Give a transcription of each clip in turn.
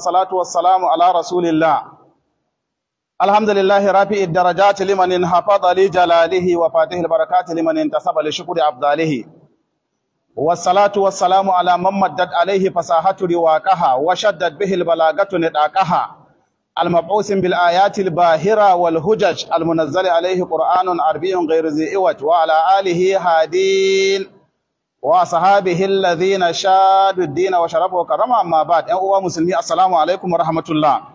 salatu wassalamu ala rasulillah alhamdulillahi rafi'i darajati liman hafadha li jalalihi wa fatihil barakati liman intasaba li shukri abdalihi wassalatu wassalamu ala man maddat alayhi fasahatu riwaqaha wa shaddat bihi albalagatu nidaqaha المبعوث بالآيات الباهرة والهجج المنزل عليه قرآن عربي غير ذي wa وعلى آله هادين wa sahabihi alladhina shadu ad-din wa sharafu wa karama amma ba'd uwa musulmi assalamu alaikum wa rahmatullah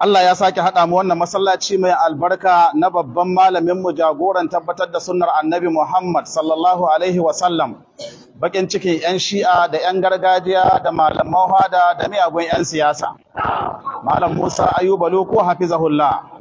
Allah ya sake haɗa mu wannan masallaci mai albarka na babban malamin mu jagoran tabbatar da sunnar Annabi Muhammad sallallahu alaihi wa sallam bakin cikin 'yan shi'a da 'yan gargajiya da malaman hada da miyagun 'yan siyasa. Malam Musa Ayuba Loko hafizahullah.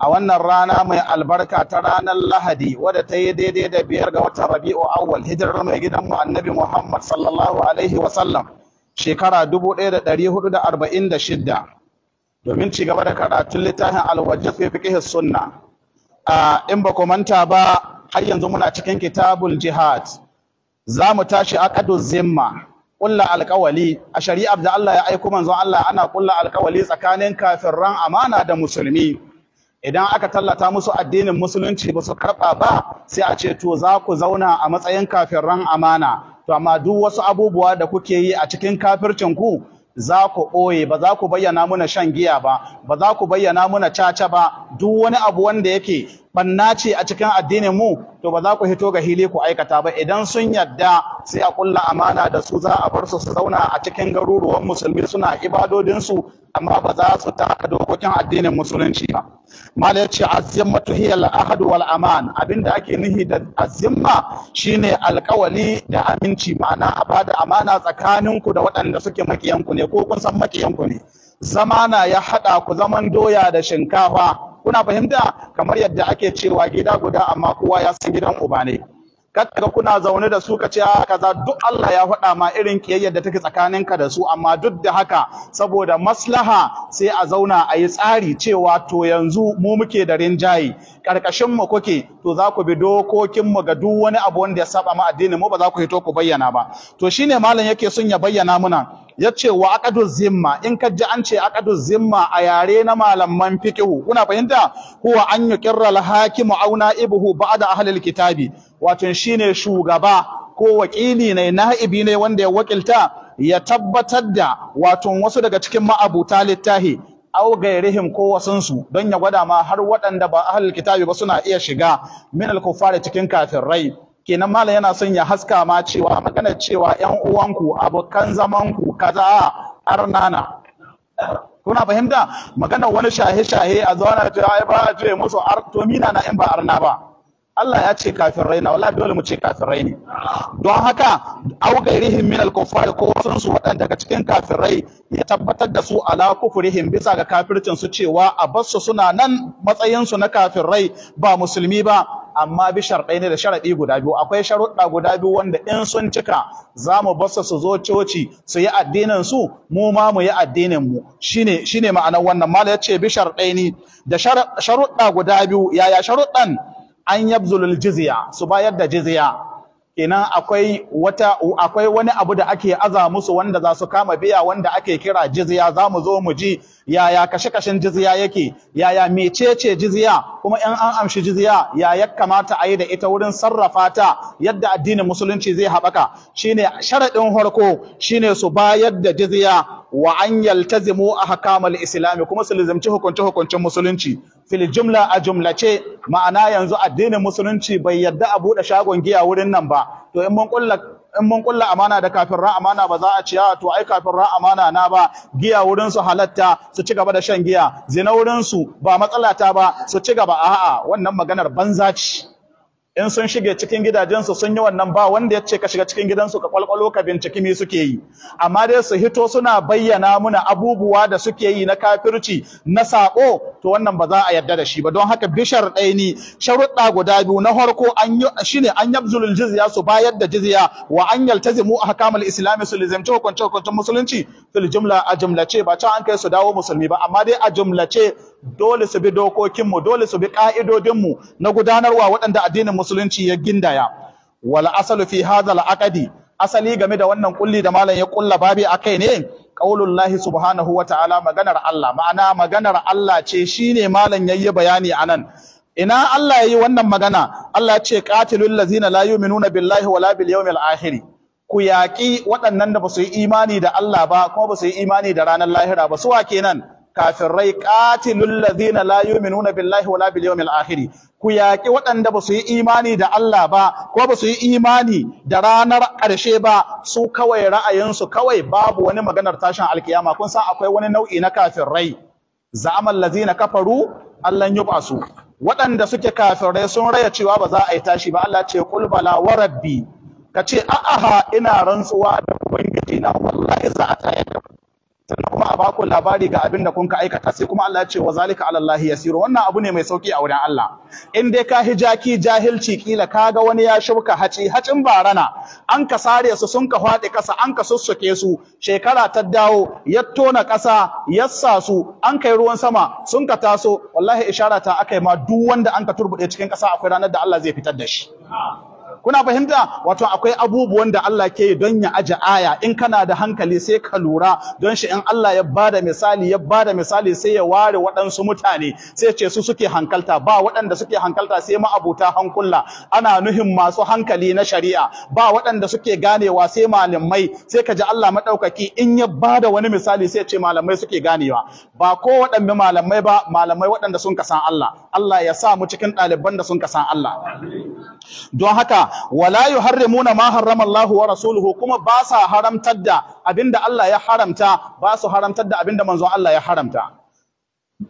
A wannan rana mai albarka ta ranar Lahadi wadda ta yi daidai da biyar ga watan Rabi'u Awwal hijirar mai gidan mu Annabi Muhammad sallallahu alaihi wa sallam shekara 1446 domin ci gaba da karatun littafin alwajjat fi fiqh sunna. in ba ku manta ba har yanzu muna cikin kitabul jihad za mu tashi aqadu zimma ƙulla alkawali a shari'ar da Allah ya aiko manzon Allah ana ƙulla alkawali tsakanin kafirran amana da musulmi idan aka tallata musu addinin musulunci ba su karɓa ba sai a ce to za ku zauna a matsayin kafirran amana to amma duk wasu abubuwa da kuke yi a cikin kafircin ku za ku ɓoye ba za ku bayyana muna shan giya ba ba za ku bayyana muna caca ba duk wani abu wanda yake ɓanna ce a cikin addinin mu to ba za ku hito ga hili ku aikata ba idan sun yadda sai a kulla amana da su za a bar su su zauna a cikin garuruwan musulmi suna ibadodinsu amma ba za su taka dokokin addinin musulunci ba malai ce azimmatu hiya al wal aman abinda ake nihi da azimma shine alkawali da aminci ma'ana a bada amana tsakaninku da waɗanda suke makiyanku ne ko kun san makiyanku ne zamana ya haɗa ku zaman doya da shinkafa kuna fahimta kamar yadda ake cewa gida guda amma kowa ya san gidan uba ne kaga kuna zaune da su kace a ah, kaza duk Allah ya faɗa ma irin kiyayyar da take tsakaninka da su amma duk da haka saboda maslaha sai a zauna a yi tsari cewa to yanzu mu muke da rinjaye Ƙarƙashin mu kuke to za ku bi dokokin mu ga duk wani abu wanda ya saba ma addinin mu ba za ku hito ku bayyana ba to shine malam yake son ya bayyana muna yace wa aqadu zimma in ka ji an ce aqadu zimma a yare na malaman fiqhu kuna fahimta huwa an yuqirra al-hakimu aw na'ibuhu ba'da ahli al-kitabi wato shine shugaba ko wakili ne na'ibi ne wanda ya wakilta ya tabbatar da wato wasu daga cikin ma'abuta littahi aw gairihim ko su don ya gwada ma har waɗanda ba ahlul kitabi ba suna iya shiga min al-kuffari cikin kafirai kenan malam yana son ya haska ma cewa magana cewa yan uwanku abokan zamanku kaza arnana kuna fahimta magana wani shahe shahe a zauna ta ai ba a ce musu to na in ba arna ba Allah ya ce kafirai na wallahi dole mu ce kafirai ne don haka au gairihim min al-kuffar ko sun su waɗanda daga cikin kafirai ya tabbatar da su ala kufurihim bisa ga kafircin su cewa a basu suna nan matsayin su na kafirai ba musulmi ba amma bi sharɗai ne da sharaɗi guda biyu akwai sharuɗa guda biyu wanda in sun cika za mu basa su zo coci su yi addinin su mu ma mu yi addinin mu shine shine ma'anar wannan mala yace bi sharɗai ne da sharuɗa guda biyu yaya sharuɗan an yabzulul jizya su bayar da jizya kenan akwai wata akwai wani abu da ake aza musu wanda za su kama biya wanda ake kira jizya za mu zo mu ji yaya kashe-kashen jizya yake yaya mecece jizya kuma in an amshi jizya ya ya kamata a yi da ita wurin sarrafa ta yadda addinin musulunci zai haɓaka shine sharaɗin farko shine su bayar da jizya wa an yaltazimu al islami kuma su lazimci hukunce hukuncin musulunci fil jumla a jumlace ma'ana yanzu addinin musulunci bai yadda a bude shagon giya wurin nan ba to in mun kulla in mun kulla amana da kafin ran amana ba za a ciya ah, to ai ran amana na ba giya wurin su halatta su ci gaba da shan giya zina wurin su ba matsala ta ba su ci gaba a'a wannan maganar banza ce in sun shige cikin gidajensu sun yi wannan ba wanda ya ce ka shiga cikin gidansu ka kwalkwalo ka binciki me suke yi amma dai su hito suna bayyana muna abubuwa da suke yi na kafirci na sako to wannan ba za a yarda da shi ba don haka bishar ɗaini sharuɗa guda biyu na farko an yi shine an yabzulul jizya su bayar da jizya wa an yaltazimu ahkamul islami su lizamci hukunci hukuncin musulunci fil jumla a jumlace ba ta an kai su dawo musulmi ba amma dai a jumlace dole su bi dokokinmu dole su bi ka'idodinmu na gudanarwa waɗanda addinin musulunci ya gindaya wal asalu fi hadha al asali game da wannan kulli da malam ya kulla babi akai ne qaulullahi subhanahu wa ta'ala maganar Allah ma'ana maganar Allah ce shine malam yayi bayani anan ina Allah yayi wannan magana Allah ya ce qatilul ladzina la yu'minuna billahi wala bil yawmil akhir ku yaƙi waɗannan da ba su yi imani da Allah ba kuma ba su yi imani da ranar lahira ba Su suwa kenan kafirai qatilul lazina la yu'minuna billahi wala bil yawmil akhir ku yaki waɗanda ba su yi imani da Allah ba ko ba su yi imani da ranar ƙarshe ba su kawai ra'ayinsu kawai babu wani maganar tashin alkiyama kun san akwai wani nau'i na kafirai za'amal ladina kafaru allan yub'asu waɗanda suke kafirai sun raya cewa ba za a yi tashi ba Allah ce qul bala wa rabbi kace a'aha ina rantsuwa da ubangiji na wallahi za a tayar da sannan kuma a baku labari ga abin da kun ka aikata sai kuma Allah ya ce wa zalika ala Allah yasiru wannan abu ne mai sauki a wurin Allah in dai ka hijaki jahilci kila ga wani ya shuka haci hacin barana an ka sare su sun ka faɗi kasa an ka sussuke su shekara ta dawo ya tona ƙasa ya sa su an kai ruwan sama sun ka taso wallahi ishara ta ma duk wanda an ka turbuɗe cikin ƙasa akwai ranar da Allah zai fitar da shi kuna fahimta wato akwai abubuwan da Allah ke yi don ya aje aya in kana da hankali sai ka lura don shi in Allah ya bada misali ya bada misali sai ya ware waɗansu mutane sai ce su suke hankalta ba waɗanda suke hankalta sai ma'abuta hankula ana nuhin masu hankali na shari'a ba waɗanda suke ganewa sai malamai sai ka ji Allah maɗaukaki in ya bada wani misali sai ce malamai suke ganewa ba ko waɗanda malamai ba malamai waɗanda sun kasan Allah Allah ya sa mu cikin ɗaliban da sun kasan Allah don haka wala yuharrimuna ma harrama Allahu wa rasuluhu kuma ba sa haramtar da abinda Allah ya haramta ba su haramtar da abinda manzon Allah ya haramta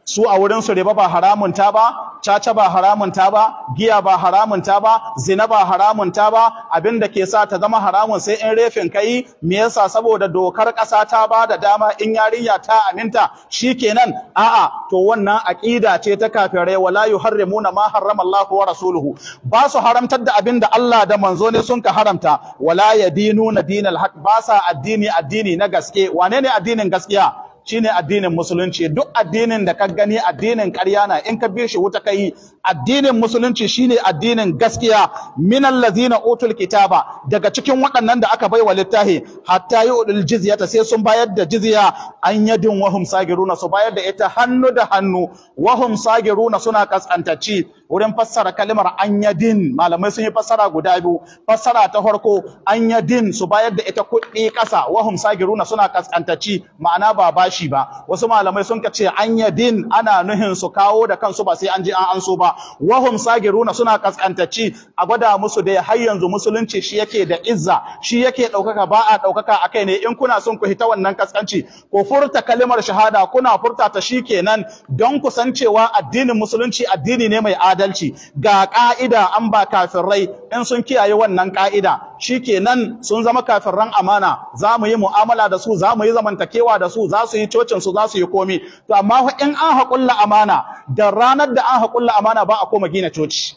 su a wurin su riba ba haramun ta ba caca ba haramun ta ba giya ba haramun ta ba zina ba haramun ta ba abin da ke sa ta zama haramun sai in refin kai me yasa saboda dokar ƙasa ta ba da dama in yarinya ta aminta shikenan a'a to wannan aqida ce ta kafirai wala yuharrimuna ma harrama Allahu wa rasuluhu ba su haramtar da abin da Allah da manzo ne sun ka haramta wala yadinuna dinal haq ba sa addini addini na gaske wane ne addinin gaskiya shine addinin musulunci duk addinin da ka gani addinin ƙarya na in ka bi shi wuta kai addinin musulunci shine addinin gaskiya minal ladzina utul kitaba daga cikin waɗannan da aka baiwa littahi hatta yu'dul jizyata sai sun bayar da jizya an yadin wahum sagiruna su bayar da ita hannu da hannu wahum sagiruna suna kaskantacci wurin fassara kalmar anyadin yadin malamai sun yi fassara guda biyu fassara ta farko anyadin su bayar da ita kuɗi ƙasa wahum sagiruna suna kaskantacci ma'ana ba bashi ba wasu malamai sun kace an din ana nuhin su kawo da kansu ba sai an ji an anso ba wahum sagiruna suna kaskantacci a gwada musu da har yanzu musulunci shi yake da izza shi yake daukaka ba a daukaka akai ne in kuna son ku hita wannan kaskanci ko furta kalimar shahada kuna furta ta kenan don ku san cewa addinin musulunci addini ne mai adalci ga ka'ida an ba kafirai in sun kiyaye wannan ka'ida shi kenan sun zama kafirran amana za mu yi mu'amala da su za mu yi zamantakewa da su za su sun yi cocin su za su yi komi to amma in an haƙulla amana da ranar da an haƙulla amana ba a koma gina coci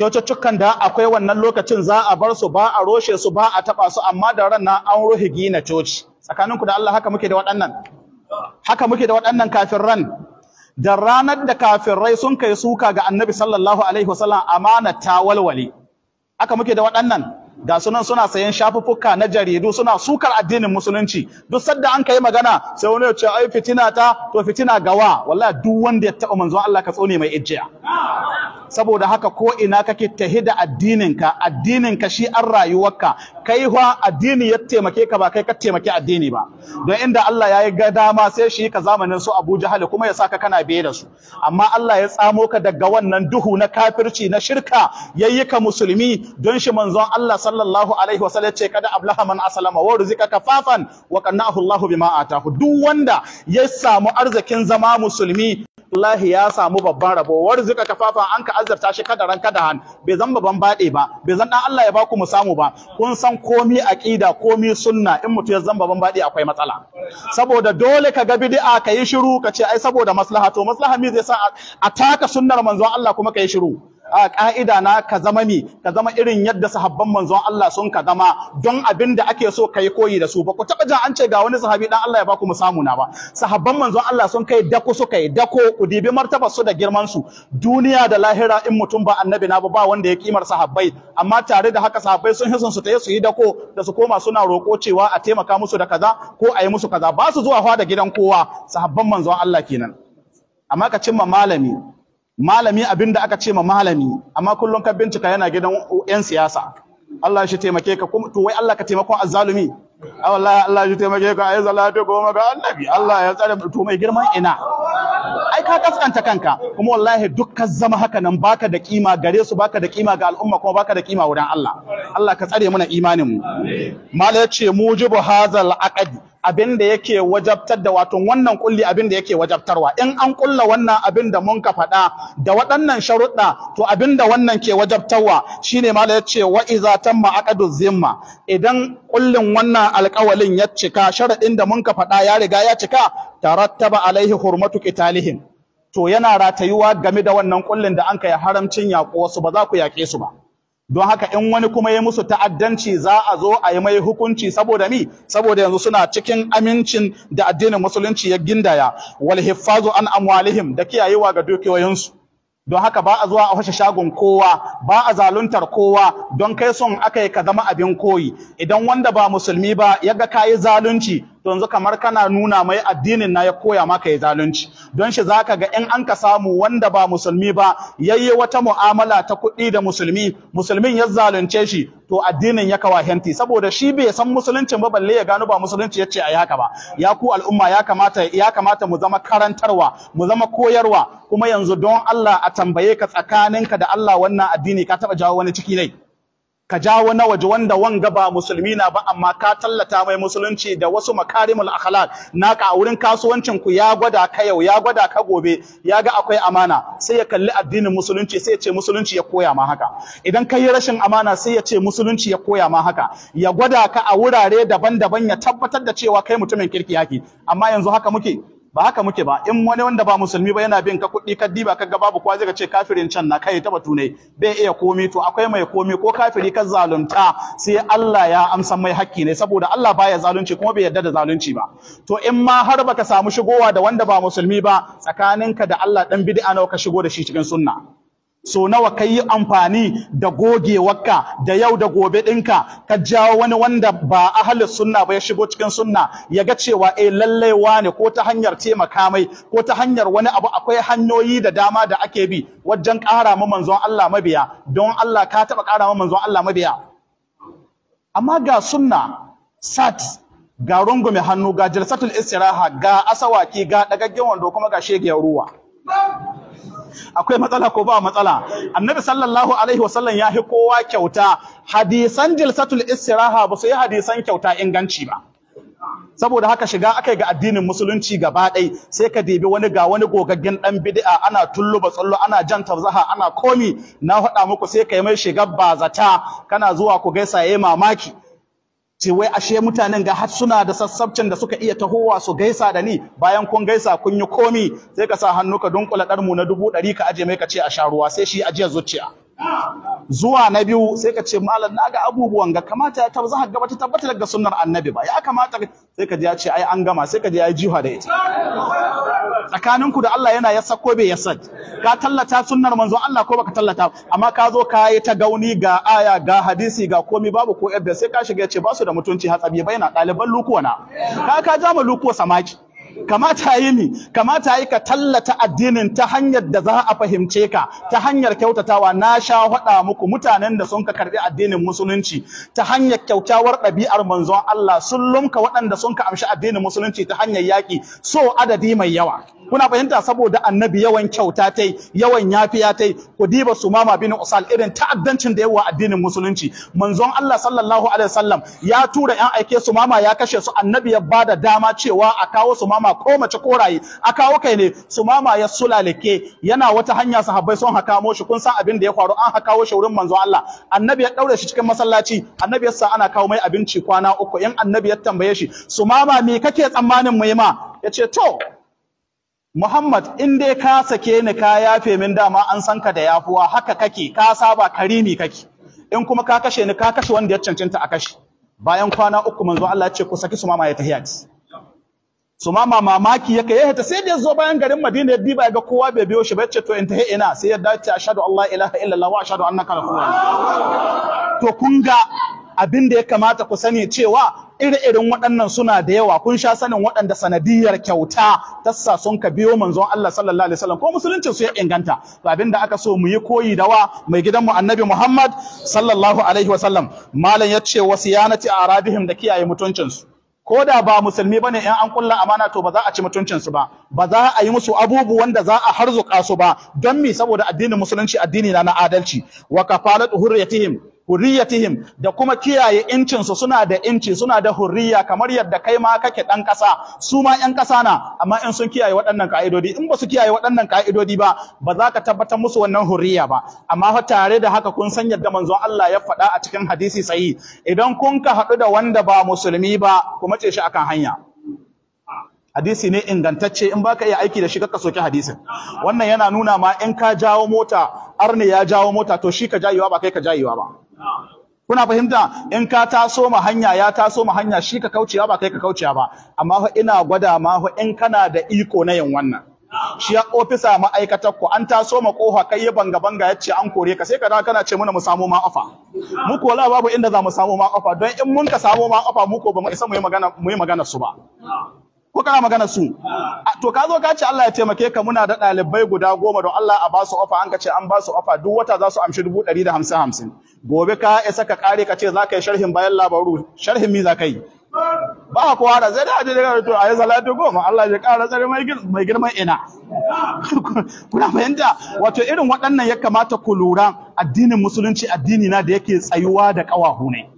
cococcukan da akwai wannan lokacin za a bar su ba a roshe su ba a taba su amma da ran nan an ruhi gina coci tsakaninku da Allah haka muke da waɗannan haka muke da waɗannan kafin ran da ranar da kafirai sun kai suka ga annabi sallallahu alaihi wasallam amana ta walwale haka muke da waɗannan Da sunan suna sayan shafuffuka na jaridu suna sukar addinin musulunci duk sadda an kai magana sai wani ya ce ai fitina ta to fitina gawa wallahi duk wanda ya taɓa manzon Allah ka tsone mai ijjiya saboda haka ko ina kake tahida addininka addininka shi an rayuwarka kai fa addini ya taimake ka ba kai ka taimake addini ba don inda Allah ya yi ga dama sai shi ka zamanin su Abu Jahal kuma ya saka kana biye da su amma Allah ya tsamo ka daga wannan duhu na kafirci na shirka yayi ka musulmi don shi manzon Allah sallallahu alaihi wasallam ce kada ablaha man aslama wa kafafan wa qannahu Allah bima atahu duk wanda ya samu arzikin zama musulmi wallahi ya samu babban rabo zuka kafafa an ka azarta shi kada ran kada han bai zan baban bade ba bai zan dan Allah ya baku mu samu ba kun san komi aqida komi sunna in mutu ya zan baban bade akwai matsala saboda dole ka ga bid'a ka yi shiru ka ce ai saboda maslaha to maslaha me zai sa a taka sunnar manzon Allah kuma ka yi shiru a ka'ida na ka zama mi ka zama irin yadda sahabban manzon Allah sun ka zama don abin da ake so kai koyi da su ba ku taba jin an ce ga wani sahabi dan Allah ya baku samu na ba sahabban manzon Allah sun kai dako su kai dako ku dibi martaba su da girman su duniya da lahira in mutum ba annabi na ba ba wanda ya kimar sahabbai amma tare da haka sahabbai sun hisan su tayi su yi dako da su koma suna roƙo cewa a taimaka musu da kaza ko a yi musu kaza ba su zuwa fa da gidan kowa sahabban manzon Allah kenan amma ka cimma malami malami abin da aka ce ma malami amma kullum ka bincika yana gidan yan siyasa Allah shi taimake ka kuma to wai Allah ka taimakon azzalumi a ah, wallahi Allah shi taimake ka ayi salatu goma ga annabi Allah ya tsare to mai girman ina ai ka kaskanta kanka kuma wallahi dukkan zama haka nan baka da kima gare su baka da kima ga al'umma kuma baka da kima wurin Allah Allah ka tsare mana imanin mu mala yace mujibu hazal aqdi abin da yake wajabtar da wato wannan kulli abin da yake wajabtarwa in an kulla wannan abin da mun ka faɗa da waɗannan sharuɗa to abin da wannan ke wajabtarwa shine mala ce wa iza tamma aqdu zimma idan kullin wannan alƙawalin ya cika sharaɗin da mun ka faɗa ya riga ya cika tarattaba alaihi hurmatu qitalihim to yana ratayuwa game da wannan kullin da an kai haramcin yaƙo wasu ba za ku yaƙe su ba don haka in wani kuma ya musu ta'addanci za a zo a yi mai hukunci saboda mi saboda yanzu suna cikin amincin da addinin musulunci ya gindaya wal hifazu an amwalihim da kiyayewa ga dukiyoyinsu don haka ba a zuwa a fashe shagon kowa ba a zaluntar kowa don kai sun aka yi ka zama abin koyi idan wanda ba musulmi ba ya ga kayi zalunci to yanzu kamar kana nuna mai addinin na ya koya maka ya zalunci don shi zaka ga in an ka samu wanda ba musulmi ba yayye wata mu'amala ta kuɗi da musulmi musulmin ya zalunce shi to addinin ya kawa henti. saboda shi bai san musuluncin ba balle ya gano ba musulunci yace ayi haka ba ya ku al'umma ya kamata ya kamata mu zama karantarwa mu zama koyarwa kuma yanzu don Allah a tambaye ka tsakaninka da Allah wannan addini ka taba jawo wani ciki ne ka jawo na waje wanda wanga ba musulmi na ba amma ka tallata mai musulunci da wasu makarimul akhlaq naka a wurin kasuwancin ku ya gwada ka yau ya gwada ka gobe ya ga akwai amana sai ya kalli addinin musulunci sai ya ce musulunci ya koya ma haka idan ka yi rashin amana sai ya ce musulunci ya koya ma haka ya gwada ka a wurare daban-daban ya tabbatar da cewa kai mutumin kirki yake amma yanzu haka muke ba haka muke ba in wani wanda ba musulmi ba yana bin ka kuɗi ka diba ka ga babu kowa zai ce kafirin can na kai ta batu ne bai iya komai. to akwai mai komi ko kafiri ka zalunta sai Allah ya amsa mai hakki ne saboda Allah baya zalunci kuma bai yarda da zalunci ba to in ma har baka samu shigowa da wanda ba musulmi ba tsakaninka da Allah dan bid'a nawa ka shigo da shi cikin sunna so nawa ka amfani da gogewarka da yau da gobe ɗinka ka jawo wani wanda ba ahalin sunna ba ya shigo cikin sunna ya ga cewa eh lallai wane ko ta hanyar taimaka mai ko ta hanyar wani abu akwai hanyoyi da dama da ake bi wajen ƙara ma manzon Allah mabiya don Allah ka taɓa ƙara ma manzon Allah mabiya amma ga sunna sat ga rungume hannu ga jalsatul istiraha ga asawaki ga dagaggen wando kuma ga shege ruwa akwai matsala ko ba matsala annabi sallallahu alaihi wasallam ya fi kowa kyauta hadisan jilsatul istiraha ba su yi hadisan kyauta inganci ba saboda haka shiga aka ga addinin musulunci gaba ɗai sai ka debi wani ga wani gogaggen ɗan bid'a ana tullu ba tsallo ana jan tafzaha ana komi na faɗa muku sai ka yi mai shiga bazata kana zuwa ku gaisa yayi mamaki ce wai ashe mutanen ga har suna da sassabcin da suka iya tahowa su gaisa da ni bayan kun gaisa kun yi komi sai ka sa hannu ka dunkula mu na dubu ɗari ka aje mai ka ce a sha ruwa sai shi ajiyar zuciya zuwa na biyu sai ka ce malam na ga abubuwan ga kamata ya tabbata gaba ta tabbata daga sunnar annabi ba ya kamata sai ka ji ya ce ai an gama sai ka ji ya jiha da ita tsakanin ku da Allah yana ya sako bai ya yasa ka tallata sunnar manzo Allah ko baka tallata amma ka zo ka yi ta gauni ga aya ga hadisi ga komi, babu ko yadda sai ka shiga ya ce ba su da mutunci hatsabi bai na ɗaliban lukuwa na ka ka jama lukuwa samaki kamata yi ni kamata yi ka tallata addinin ta hanyar da za a fahimce ka ta hanyar kyautatawa na sha hada muku mutanen da sun ka karɓi addinin musulunci ta hanyar kyautawar ɗabi'ar manzon Allah sun lumka waɗanda sun ka amshi addinin musulunci ta hanyar yaƙi so adadi mai yawa kuna fahimta saboda annabi yawan kyauta tai yawan yafiya tai ku diba sumama bin usal irin ta'addancin da yawa addinin musulunci manzon Allah sallallahu alaihi wasallam ya tura yan aike sumama ya kashe su annabi ya bada dama cewa a kawo sumama mama ko mace ko raye. a kawo kai ne su mama ya sulalake yana wata hanya sahabbai sun mo shi kun san abin da ya faru an hakawo shi wurin manzon Allah annabi ya daure shi cikin masallaci annabi ya sa ana kawo mai abinci kwana uku in annabi ya tambaye shi su mama me kake tsammanin mu yi ma yace to Muhammad in dai ka sake ni ka yafe min dama an san ka da yafuwa haka kake ka saba karimi kake in kuma ka kashe ni ka kashe wanda ya cancanta a kashe bayan kwana uku manzo Allah ya ce ku saki su mama ya tahiyati su ma mamaki ya ya eh, ta sai da ya zo bayan garin Madina ya diba ya ga kowa bai biyo shi ba yace to in tahi ina sai ya dace ashhadu Allah ilaha illallah wa ashhadu annaka rasulullah to kun ga abin da ya kamata ku sani cewa iri-irin waɗannan suna da yawa kun sha sanin waɗanda sanadiyar kyauta tassa sun ka biyo manzon Allah sallallahu alaihi wasallam ko musulunci su ya inganta to abin da aka so mu yi koyi da wa mai gidan mu annabi Muhammad sallallahu alaihi wasallam malam yace wasiyanati arabihim da kiyaye mutuncinsu. su ko da ba musulmi bane in an kulla amana to ba za a ci mutuncin su ba ba za a yi musu abubuwan da za a harzuka su ba don mi saboda addinin musulunci addini na na adalci wa kafalatu hurriyatihim hurriyatihim da kuma kiyaye incin su suna da inci suna da hurriya kamar yadda kai ma kake dan kasa su ma yan kasa na amma in sun kiyaye waɗannan ka'idodi in ba su kiyaye waɗannan ka'idodi ba ba za ka tabbatar musu wannan hurriya ba amma fa tare da haka kun san yadda manzon Allah ya faɗa a cikin hadisi sahihi idan kun ka haɗu da wanda ba musulmi ba kuma ce shi akan hanya hadisi ne ingantacce in baka iya aiki da shi kaka soki hadisin wannan yana nuna ma in ka jawo mota arne ya jawo mota to shi ka jayewa ba kai ka jayewa ba kuna fahimta in ka taso ma hanya ya taso ma hanya shi ka kaucewa ba kai ka kaucewa ba amma fa ina gwada ma fa in kana da iko na yin wannan shi ya ofisa ma'aikatar ku an taso ma kofa kai ya banga banga yace an kore ka sai ka da kana ce muna mu samu ma ofa mu ko la babu inda za mu samu ma ofa don in mun ka samu ma ofa mu ko ba mu isa mu yi magana mu yi magana su ba ko kana magana su to ka zo ka ce Allah ya taimake ka muna da ɗalibai guda goma don Allah a ba su ofa an ka ce an ba su ofa duk wata za su amshi dubu ɗari da hamsin hamsin gobe ka isa ka kare ka ce za ka yi sharhin bayan labaru sharhin mi za ka yi ba kowa da zai da aje daga a ayi salatu goma Allah ya kara tsare mai girman ina kuna fahimta wato irin waɗannan ya kamata ku lura addinin musulunci addini na da yake tsayuwa da ƙawahu ne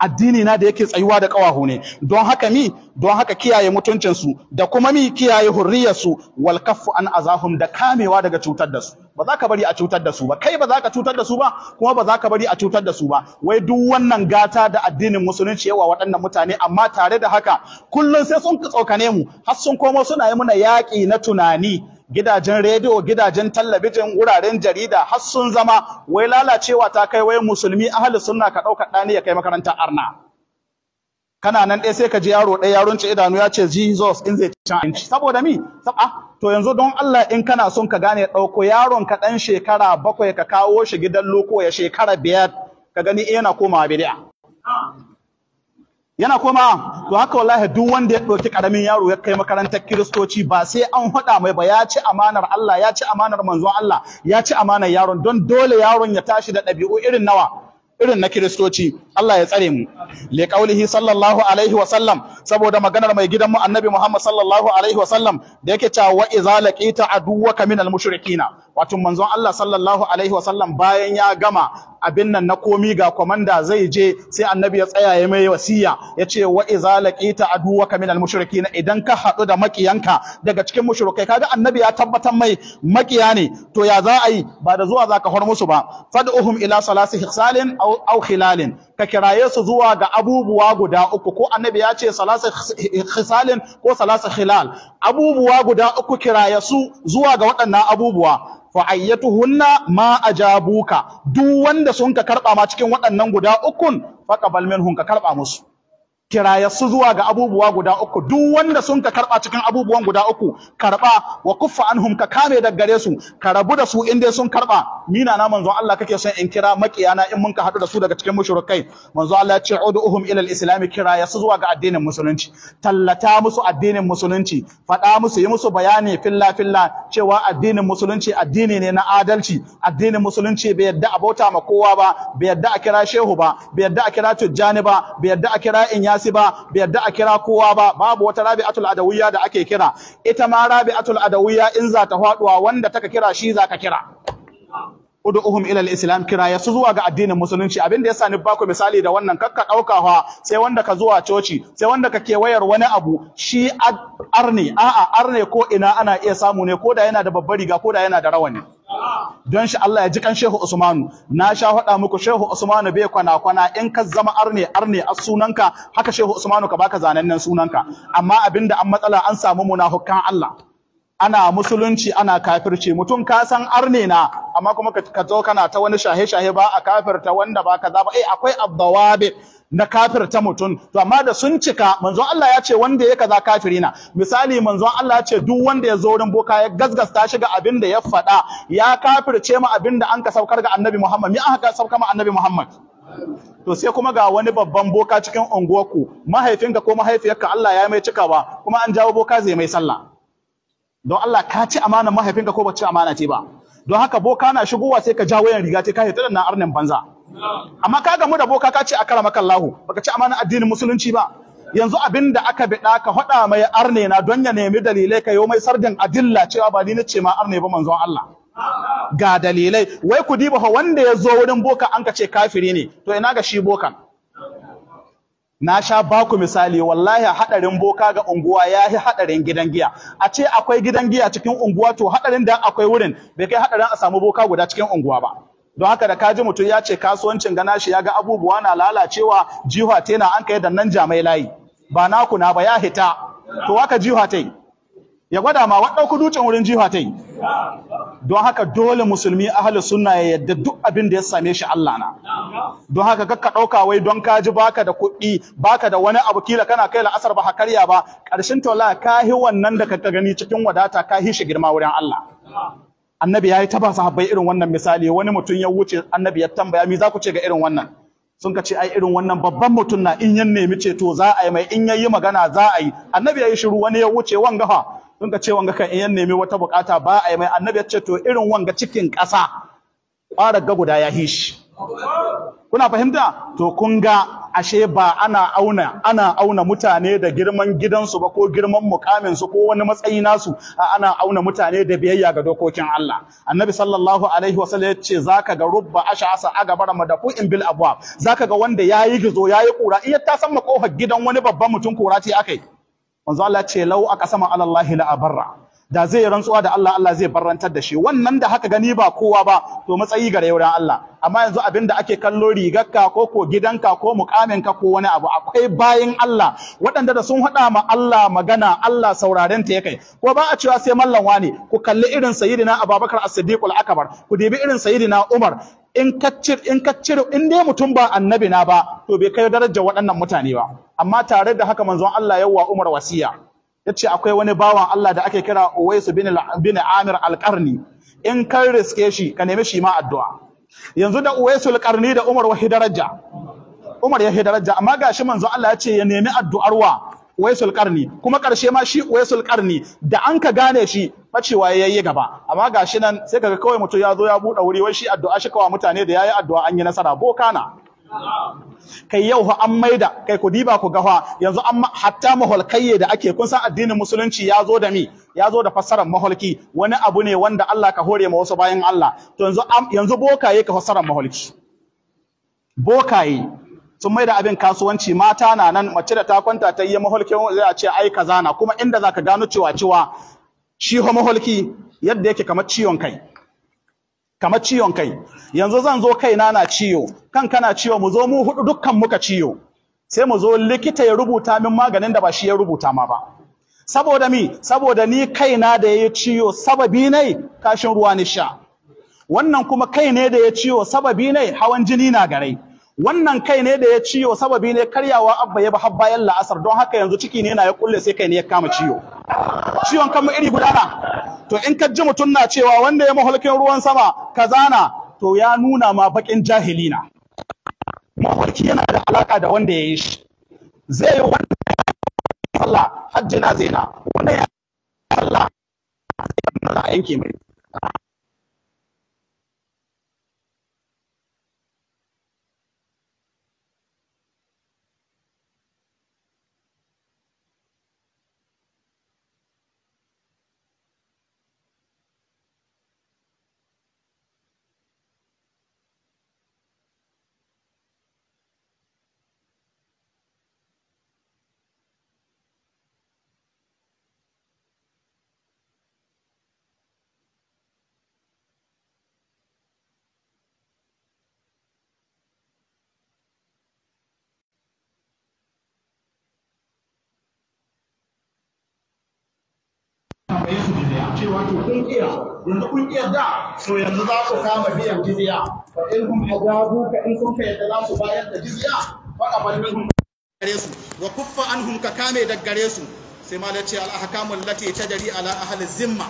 addini na da yake tsayuwa da kawahu ne don haka mi don haka kiyaye mutuncinsu, da kuma mi kiyaye hurriyarsu wal kaffu an azahum da kamewa daga cutar da su ba za ka bari a cutar da su ba kai ba za ka cutar da su ba kuma ba za ka bari a cutar da su ba wai duk wannan gata da addinin musulunci yawa waɗannan mutane amma tare da haka kullum sai sun tsokane mu har sun komo suna yi muna yaƙi na tunani gidajen rediyo gidajen talabijin wuraren jarida har sun zama wai lalacewa ta kai wai musulmi ahli sunna ka ɗauka ɗani ya kai makarantar arna kana nan dai sai ka ji yaro ɗaya yaron ci idanu ya ce Jesus in zai ci abinci saboda mi ah to yanzu don Allah in kana son ka gane ɗauko yaron ka ɗan shekara bakwai ka kawo shi gidan loko ya shekara biyar ka gani eh yana komawa bid'a yana koma to haka wallahi duk wanda ya ɗauki ƙaramin yaro ya kai makarantar kiristoci ba sai an haɗa mai ba ya ci amanar Allah ya ci amanar manzon Allah ya ci amanar yaron don dole yaron ya tashi da ɗabi'u irin nawa irin na kiristoci Allah ya tsare mu li qaulihi sallallahu alaihi wa sallam saboda maganar mai gidanmu annabi Muhammad sallallahu alaihi wa sallam da yake cewa wa idza laqita aduwwaka minal mushrikina wato manzon Allah sallallahu alaihi wa sallam bayan ya gama abin nan na komi ga komanda zai je sai annabi ya tsaya ya mai wasiya ya ce wa iza laqita aduwaka minal mushrikin idan ka haɗu da makiyanka daga cikin mushrikai kaga annabi ya tabbatar mai makiya ne to ya za a yi ba da zuwa zaka hor musu ba fad'uhum ila salasi hisalin aw khilalin ka kiraye su zuwa ga abubuwa guda uku ko annabi ya ce salasa khisalin ko salasa khilal abubuwa guda uku kiraye su zuwa ga waɗannan abubuwa fa ayyatuhunna ma ajabuka duk wanda sun ka karba ma cikin waɗannan guda ukun faqabal minhum ka karba musu su zuwa ga abubuwa guda uku duk wanda sun ka karba cikin abubuwan guda uku karba wa kuffa anhum ka kame da gare su ka rabu da su in dai sun karba Ni na manzon Allah kake son in kira makiyana in mun ka hadu da su daga cikin mushrikai manzon Allah ya ce uduhum ila al-islam zuwa ga addinin musulunci tallata musu addinin musulunci faɗa musu yi musu bayani filla filla cewa addinin musulunci addini ne na adalci addinin musulunci bai yadda a bauta ma kowa ba bai yadda a kira shehu ba bai yadda a kira tujjani ba bai yadda a kira inya ba bai yadda a kira kowa ba babu wata rabi'atul adawiyya da ake kira ita ma rabi'atul adawiyya in za ta faduwa wanda taka kira shi za ka kira ud'uhum ila islam kira ya su zuwa ga addinin musulunci abin da yasa ni ba ku misali da wannan kakka ɗaukawa sai wanda ka zuwa coci sai wanda ka wayar wani abu shi arne a'a arne ko ina ana iya samu ne ko da yana da babbar riga ko da yana da rawani don shi Allah ya ji kan Shehu Usmanu na sha faɗa muku Shehu Usmanu bai kwana kwana in ka zama arne arne a sunanka haka Shehu Usmanu ka baka zanen nan sunanka amma abinda an matsala an samu muna munafukan Allah ana musulunci ana kafirci mutum ka san arne na amma kuma ka zo kana ta wani shahe shahe ba a kafirta wanda baka kaza ba eh akwai abdawabi na kafir ta mutum to amma da sun cika manzon Allah ya ce wanda ya kaza kafiri na misali manzon Allah ya ce duk wanda ya zo wurin boka ya gasgasta shi ga abin da ya faɗa ya kafirce mu abin da an ka saukar ga Annabi Muhammad me ka saukar ma Annabi Muhammad to sai kuma ga wani babban boka cikin unguwarku mahaifinka ko mahaifiyarka Allah ya mai cikawa kuma an jawo boka zai mai sallah don Allah ka ci amana mahaifinka ko ba ci amana ce ba don haka boka na shigowa sai ka jawo yan riga ce ka hita da na arnin banza amma ka gamu da boka ka ce akara maka Allahu baka ci amana addinin musulunci ba yanzu abin da aka biɗa ka hada mai arne na don ya nemi dalilai ka yau mai sardin adilla cewa ba ni nace ma arne ba manzon Allah ga dalilai wai ku diba wanda ya zo wurin boka an ka ce kafiri ne to ina ga shi bokan na sha baku misali wallahi hadarin boka ga unguwa ya yi hadarin gidan giya a ce akwai gidan giya cikin unguwa to hadarin da akwai wurin bai kai hadarin a samu boka guda cikin unguwa ba don haka da kaji mutum ya ce kasuwancin gana shi ya ga abubuwa na lalacewa jiha yana an kai da nan jamai layi ba naku na ba ya hita to haka jiwa ta yi ya gwada ma wadda ku dutsen wurin jiwa ta yi don haka dole musulmi ahalin sunna ya yadda duk abin da ya same shi Allah na don haka kakka dauka wai don kaji baka da kuɗi baka da wani abu kila kana kai la'asar ba hakarya ba karshen tola kahi wannan da ka gani cikin wadata kahi shi girma wurin Allah annabi ya yi ta sahabbai irin wannan misali wani mutum ya wuce annabi ya tambaya mi za ku ce ga irin wannan sun ka ce ai irin wannan babban mutum na in ya nemi ce to za a yi mai in yayi magana za a yi annabi ya yi shiru wani ya wuce wanga fa sun ka ce wanga kan in ya nemi wata bukata ba a yi mai annabi ya ce to irin wanga cikin ƙasa ƙwarar ga guda ya hishi kuna fahimta to kun ga ashe ba ana auna ana auna mutane da girman gidansu ba ko girman mukamin su ko wani matsayi nasu ana auna mutane da biyayya ga dokokin Allah annabi sallallahu alaihi wasallam ya ce zaka ga rubba bara madafu in bil abwab zaka ga wanda yayi gizo yayi kura iya ta san makofar gidan wani babban mutum kura ce akai manzo Allah ce lau aka ala alallahi la abarra da zai rantsuwa da Allah Allah zai barrantar da shi wannan da haka gani ba kowa ba to matsayi gare wurin Allah amma yanzu abin da ake kallo rigarka ko ko gidanka ko mukaminka ko wani abu akwai bayin Allah waɗanda da sun haɗa ma Allah magana Allah sauraren ta yake ko ba a cewa sai mallan wani ku kalli irin sayyidina Abubakar As-Siddiq al-Akbar ku dibi irin sayyidina Umar in ka in in dai mutum ba annabi na ba to bai kai darajar waɗannan mutane ba amma tare da haka manzon Allah yawwa Umar wasiya Ya ce akwai wani bawan Allah da ake kira Uwais bin bin Amir al-Qarni in kan riske shi ka nemi shi ma addu'a yanzu da Uwais al da Umar Wahid daraja Umar ya daraja amma gashi manzo Allah ya ce ya nemi addu'ar wa Uwaisul Qarni kuma karshe ma shi Uwaisul Qarni da an ka gane shi bacewa yi gaba amma gashi nan sai kaga kawai mutum ya zo ya bude wuri wai shi addu'a shi kawa mutane da yayi addu'a an yi nasara bokana kai yau fa an maida kai ku diba ku gafa yanzu an hatta da ake kun san addinin musulunci ya zo da mi ya da fassarar maholki wani abu ne wanda Allah ka hore ma wasu bayan Allah to yanzu yanzu bokaye ka fassarar maholki bokaye sun maida abin kasuwanci mata na nan mace da ta kwanta ta yi maholki zai a ce ai kaza na kuma inda zaka gano cewa cewa shi ho maholki yadda yake kamar ciwon kai kamar ciwon kai yanzu zan zo kaina na ciwo kan kana ciwo mu zo mu hudu dukkan muka ciwo sai mu zo likita ya rubuta min maganin da ba shi ya rubuta ma ba saboda mi saboda ni kaina da ya ciwo sababi ne kashin ruwa ni sha wannan kuma kai ne da ya ciwo sababi ne hawan jini na garai wannan kai ne da ya ciwo sababi ne karyawa abba ya ba har bayan la'asar don haka yanzu ciki ne na ya kulle sai kai ne ya kama ciwo ciwon kan iri guda to in ka ji mutum na cewa wanda ya maholkin ruwan sama zana. to ya nuna ma baƙin jahilina. na mafarki yana da alaƙa da wanda ya yi shi zai yi wanda sallah na zai na wanda ya yi sallah a yanke mai karɓe su ya ce to kun iya yanzu kun iya da so yanzu za su kama biyan jizya fa in hum ajabu ka in kun ka yadda za su bayar da jizya fa qabalna hum gare su wa kuffa anhum ka kame da gare su sai ma da ce al ahkamul lati tajri ala ahli zimma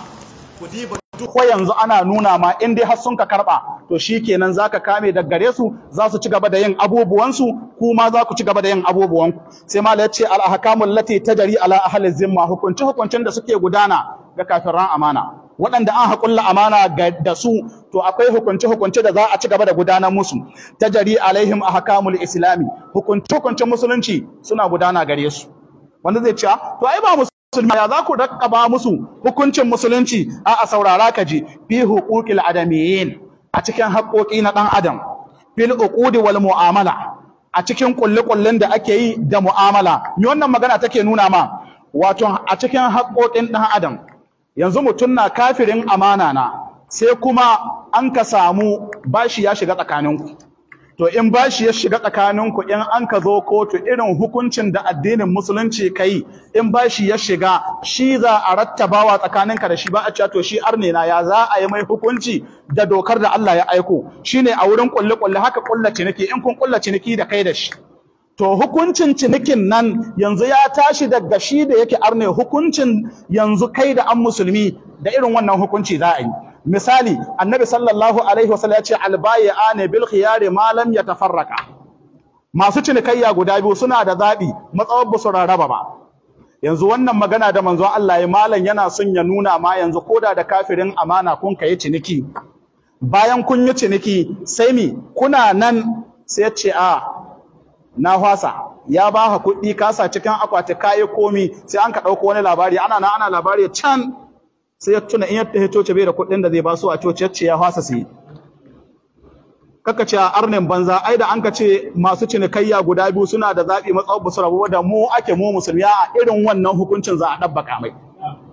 ku diba duk yanzu ana nuna ma in dai har sun ka karɓa to shi kenan za ka kame da gare su za su ci gaba da yin abubuwan abubuwansu kuma za ku ci gaba da yin abubuwan ku. sai mala ya ce al-ahkamul lati tajri ala ahli zimma hukunci hukuncin da suke gudana ga kafiran amana waɗanda an hakulla amana da su to akwai hukunce-hukunce da za a ci gaba da gudanar musu tajari alaihim ahkamul islami hukunce-hukunce musulunci suna gudana gare su wanda zai ce ah, to ai ba musulmi ya za ku ba musu hukuncin musulunci a a saurara ka ji fi huquqil adamiyin a cikin haƙoƙi na ɗan adam fil uqudi wal mu'amala a cikin kullukullin da ake yi da mu'amala ni wannan magana take nuna ma wato a cikin haƙoƙin ɗan adam yanzu mutum na kafirin amana na sai kuma an ka samu bashi ya shiga tsakaninku to in bashi ya shiga tsakaninku in an ka zo kotu irin hukuncin da addinin musulunci ka yi, in bashi ya shiga shi za a rattabawa tsakaninka da shi ba a cewa to shi arne na ya za a yi mai hukunci da dokar da Allah ya aiko Shi ne a wurin kulle kulle haka kulla ciniki in kun kulla ciniki da kai da shi to hukuncin cinikin nan yanzu ya tashi daga shi da yake arne hukuncin yanzu kai da an musulmi da irin wannan hukunci za a yi misali annabi sallallahu alaihi wasallam ya ce albayi'ane bil khiyari ma lam yatafarraqa masu cinikayya guda biyu suna da zabi matsawar ba su raraba ba yanzu wannan magana da manzon Allah ya malam yana son ya nuna ma yanzu koda da kafirin amana kun kai ciniki bayan kun yi ciniki sai mi kuna nan sai ce a na hwasa ya ba ka kuɗi kasa cikin akwati kayi komi sai an ka ɗauko wani labari ana na ana labari can sai ya tuna in ya coci bai da kuɗin da zai ba su a coci yace ya hwasa su kaka ce a arnin banza ai da an ka ce masu cinikayya guda biyu suna da zaɓi matsawar su rabu da mu ake mu musulmi a irin wannan hukuncin za a ɗabbaka mai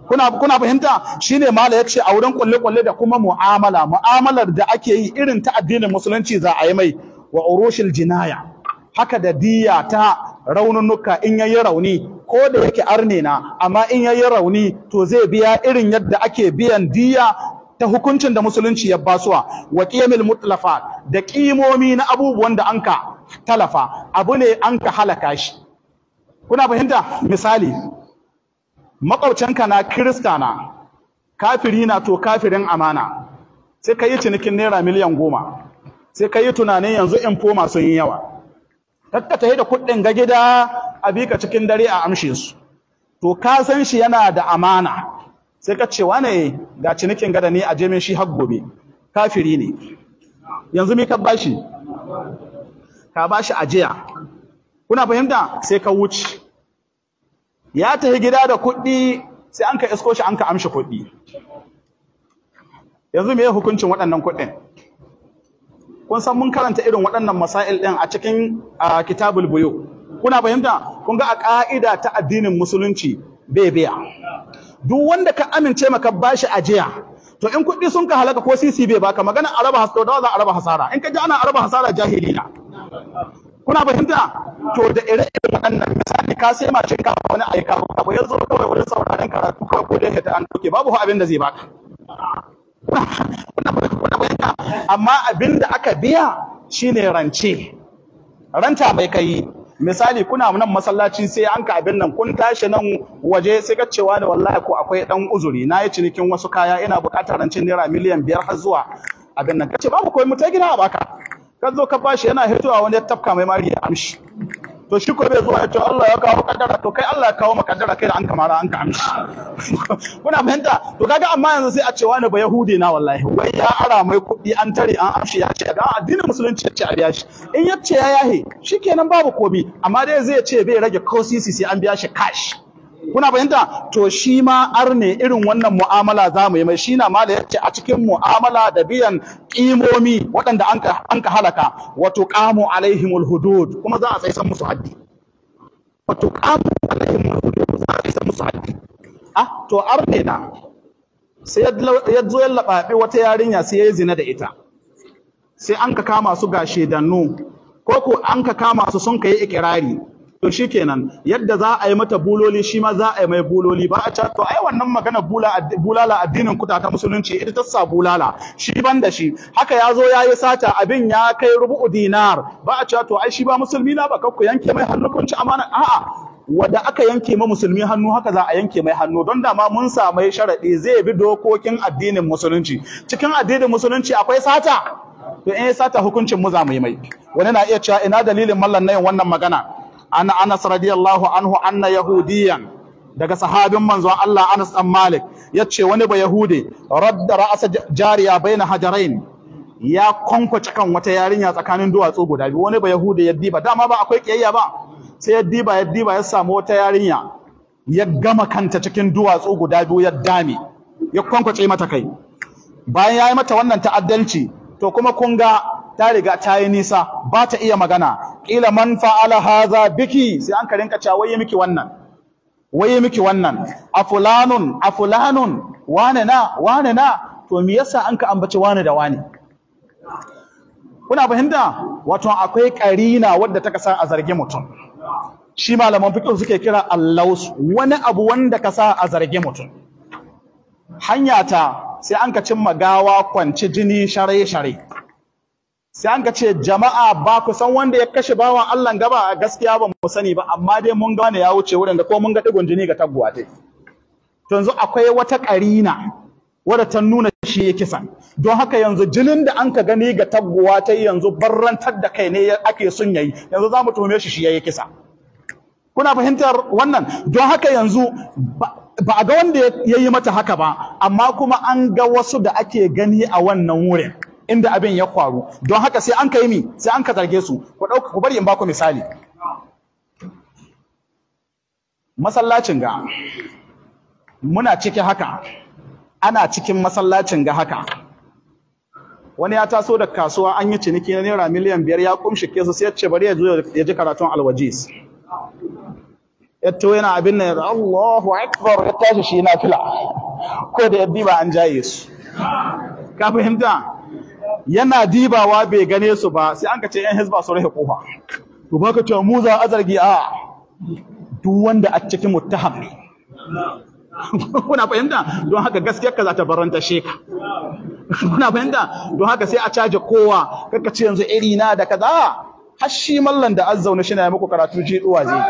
kuna kuna fahimta shine mala ya ce a wurin kulle-kulle da kuma mu'amala mu'amalar da ake yi irin ta addinin musulunci za a yi mai wa urushil jinaya haka da diya ta raununuka in yayi rauni ko da yake arne na amma in yayi rauni to zai biya irin yadda ake biyan diya ta hukuncin da musulunci ya basuwa wa qiyamul mutlafat da kimomi na abubuwan da anka talafa abu ne anka halaka shi kuna fahimta misali makwabcinka na kirista na kafiri na to kafirin amana sai ka cinikin naira miliyan goma sai ka tunanin yanzu in foma sun yi yawa kakka tahi da kuɗin ga gida a bi cikin dare a amshe su to ka san shi yana da amana sai ka ce wane ga cinikin gada ne a je min shi har gobe kafiri ne yanzu me ka bashi ka bashi ajiya kuna fahimta sai ka wuce ya tahi gida da kuɗi sai an ka isko shi an ka amshi kuɗi yanzu me hukuncin waɗannan kuɗin kun san mun karanta irin waɗannan masail ɗin a cikin kitabul buyu kuna fahimta kun ga a ƙa'ida ta addinin musulunci bai biya duk wanda ka amince maka bashi ajiya to in kuɗi sun ka halaka ko sisi bai baka magana araba hasara da za araba hasara in ka ji ana araba hasara jahili na kuna fahimta to da ire-iren waɗannan misali ka sai cin ka wani aika ka yanzu kawai wani sauraren karatu kawai ko da ta an doke babu abin da zai baka amma abin da aka biya shine rance ranta bai kai misali kuna nan masallaci sai an ka abin nan kun tashi nan waje sai ka cewa da wallahi ko akwai dan uzuri na yi cinikin wasu kaya ina buƙatar rancin naira miliyan biyar har zuwa abin nan kace babu komai mu ta gina a baka ka zo ka bashi yana hitowa wani tafka mai mari amshi to shi ko bai zuwa ya ce Allah ya kawo kaddara to kai Allah ya kawo maka kaddara kai da an kamara an ka amshi kuna fahimta to kaga amma yanzu sai a ce wani ba yahudi na wallahi wai ya ara mai kuɗi an tare an amshi ya ce ga addinin musulunci ya ce a biya shi in ya ce ya yahe shikenan babu komi amma dai zai ce bai rage kosisi sai an biya shi cash kuna fahimta to shi ma arne irin wannan mu'amala za mu yi mai shi na mala ya ce a cikin mu'amala da biyan kimomi waɗanda an ka halaka wato ƙamu alaihimul hudud kuma za a tsaye san musu haddi wato ƙamu alaihimul hudud za a tsaye san musu haddi ah to arne na sai ya zo ya laɓaɓe wata yarinya sai ya yi zina da ita sai an ka kama su ga shedannu ko ko an ka kama su sun ka yi ikirari to kenan, yadda za a yi mata buloli shi ma za a yi mai buloli ba a to ai wannan magana bulala addinin kuta ta musulunci ita ta sa bulala shi ban da shi haka ya zo ya yi sata abin ya kai rubu dinar ba a to ai shi ba musulmi na ba kakku yanke mai hannu kunci amana a'a wanda aka yanke ma musulmi hannu haka za a yanke mai hannu don dama mun samu sharaɗi zai bi dokokin addinin musulunci cikin addinin musulunci akwai sata to in sata hukuncin mu za mu yi mai wani na iya cewa ina dalilin mallan na yin wannan magana an Anas radiyallahu anhu anna yahudiyan daga sahabin manzon Allah Anas dan Malik yace wani ba yahude radda ra'asa jariya baina hajarain ya kwankwace kan wata yarinya tsakanin duwatsu guda biyu wani ba yahude ya diba dama ba akwai kiyayya ba sai ya diba ya diba ya samu wata yarinya ya gama kanta cikin duwatsu guda biyu ya dame ya kwankwace mata kai bayan ya yi mata wannan ta'addanci to kuma kun ga ta riga ta yi nisa ba ta iya magana ƙila man fa'ala haza biki sai an karinka cewa waye miki wannan waye miki wannan a fulanun a fulanun wane na wane na to me yasa an ka ambaci wane da wane kuna fahimta wato akwai karina wadda ta kasa a zargi mutum shi malaman fiqh suke kira allaus wani abu wanda kasa a zargi mutum hanya ta sai an ka cimma gawa kwanci jini share share sai an ka ce jama'a ba ku san wanda ya kashe bawan Allah gaba gaskiya ba mu sani ba amma dai mun ga wani ya wuce wurin da ko mun ga digon jini ga taguwa dai? to yanzu akwai wata karina wadda ta nuna shi ya kisa don haka yanzu jinin da an ka gani ga taguwa ta yanzu barrantar da kai ne ake sun yayi yanzu za mu tuhume shi shi ya kisa kuna fahimtar wannan don haka yanzu ba a ga wanda ya yi mata haka ba amma kuma an ga wasu da ake gani a wannan wurin inda abin ya kwaru don haka sai an kai mi sai an ka zarge su ku dauka ku bari in baku misali masallacin ga muna cikin haka ana cikin masallacin ga haka wani ya taso da kasuwa an yi ciniki na naira miliyan biyar ya kumshi kesu sai ya ce bari ya zo ya ji karatun alwajis to yana abin nan Allahu akbar ya tashi shi na fila ko da yaddi ba an jaye su ka fahimta yana dibawa bai gane su ba sai an ka ce yan hizba su rahe kofa to ba ka ce mu za a zargi a duk wanda a cikin muttaham ne kuna fahimta don haka gaskiyar ka za ta baranta sheka kuna fahimta don haka sai a caje kowa kaka ce yanzu iri na da kaza har shi mallan da azzauna shi na muku karatu ji duwa zai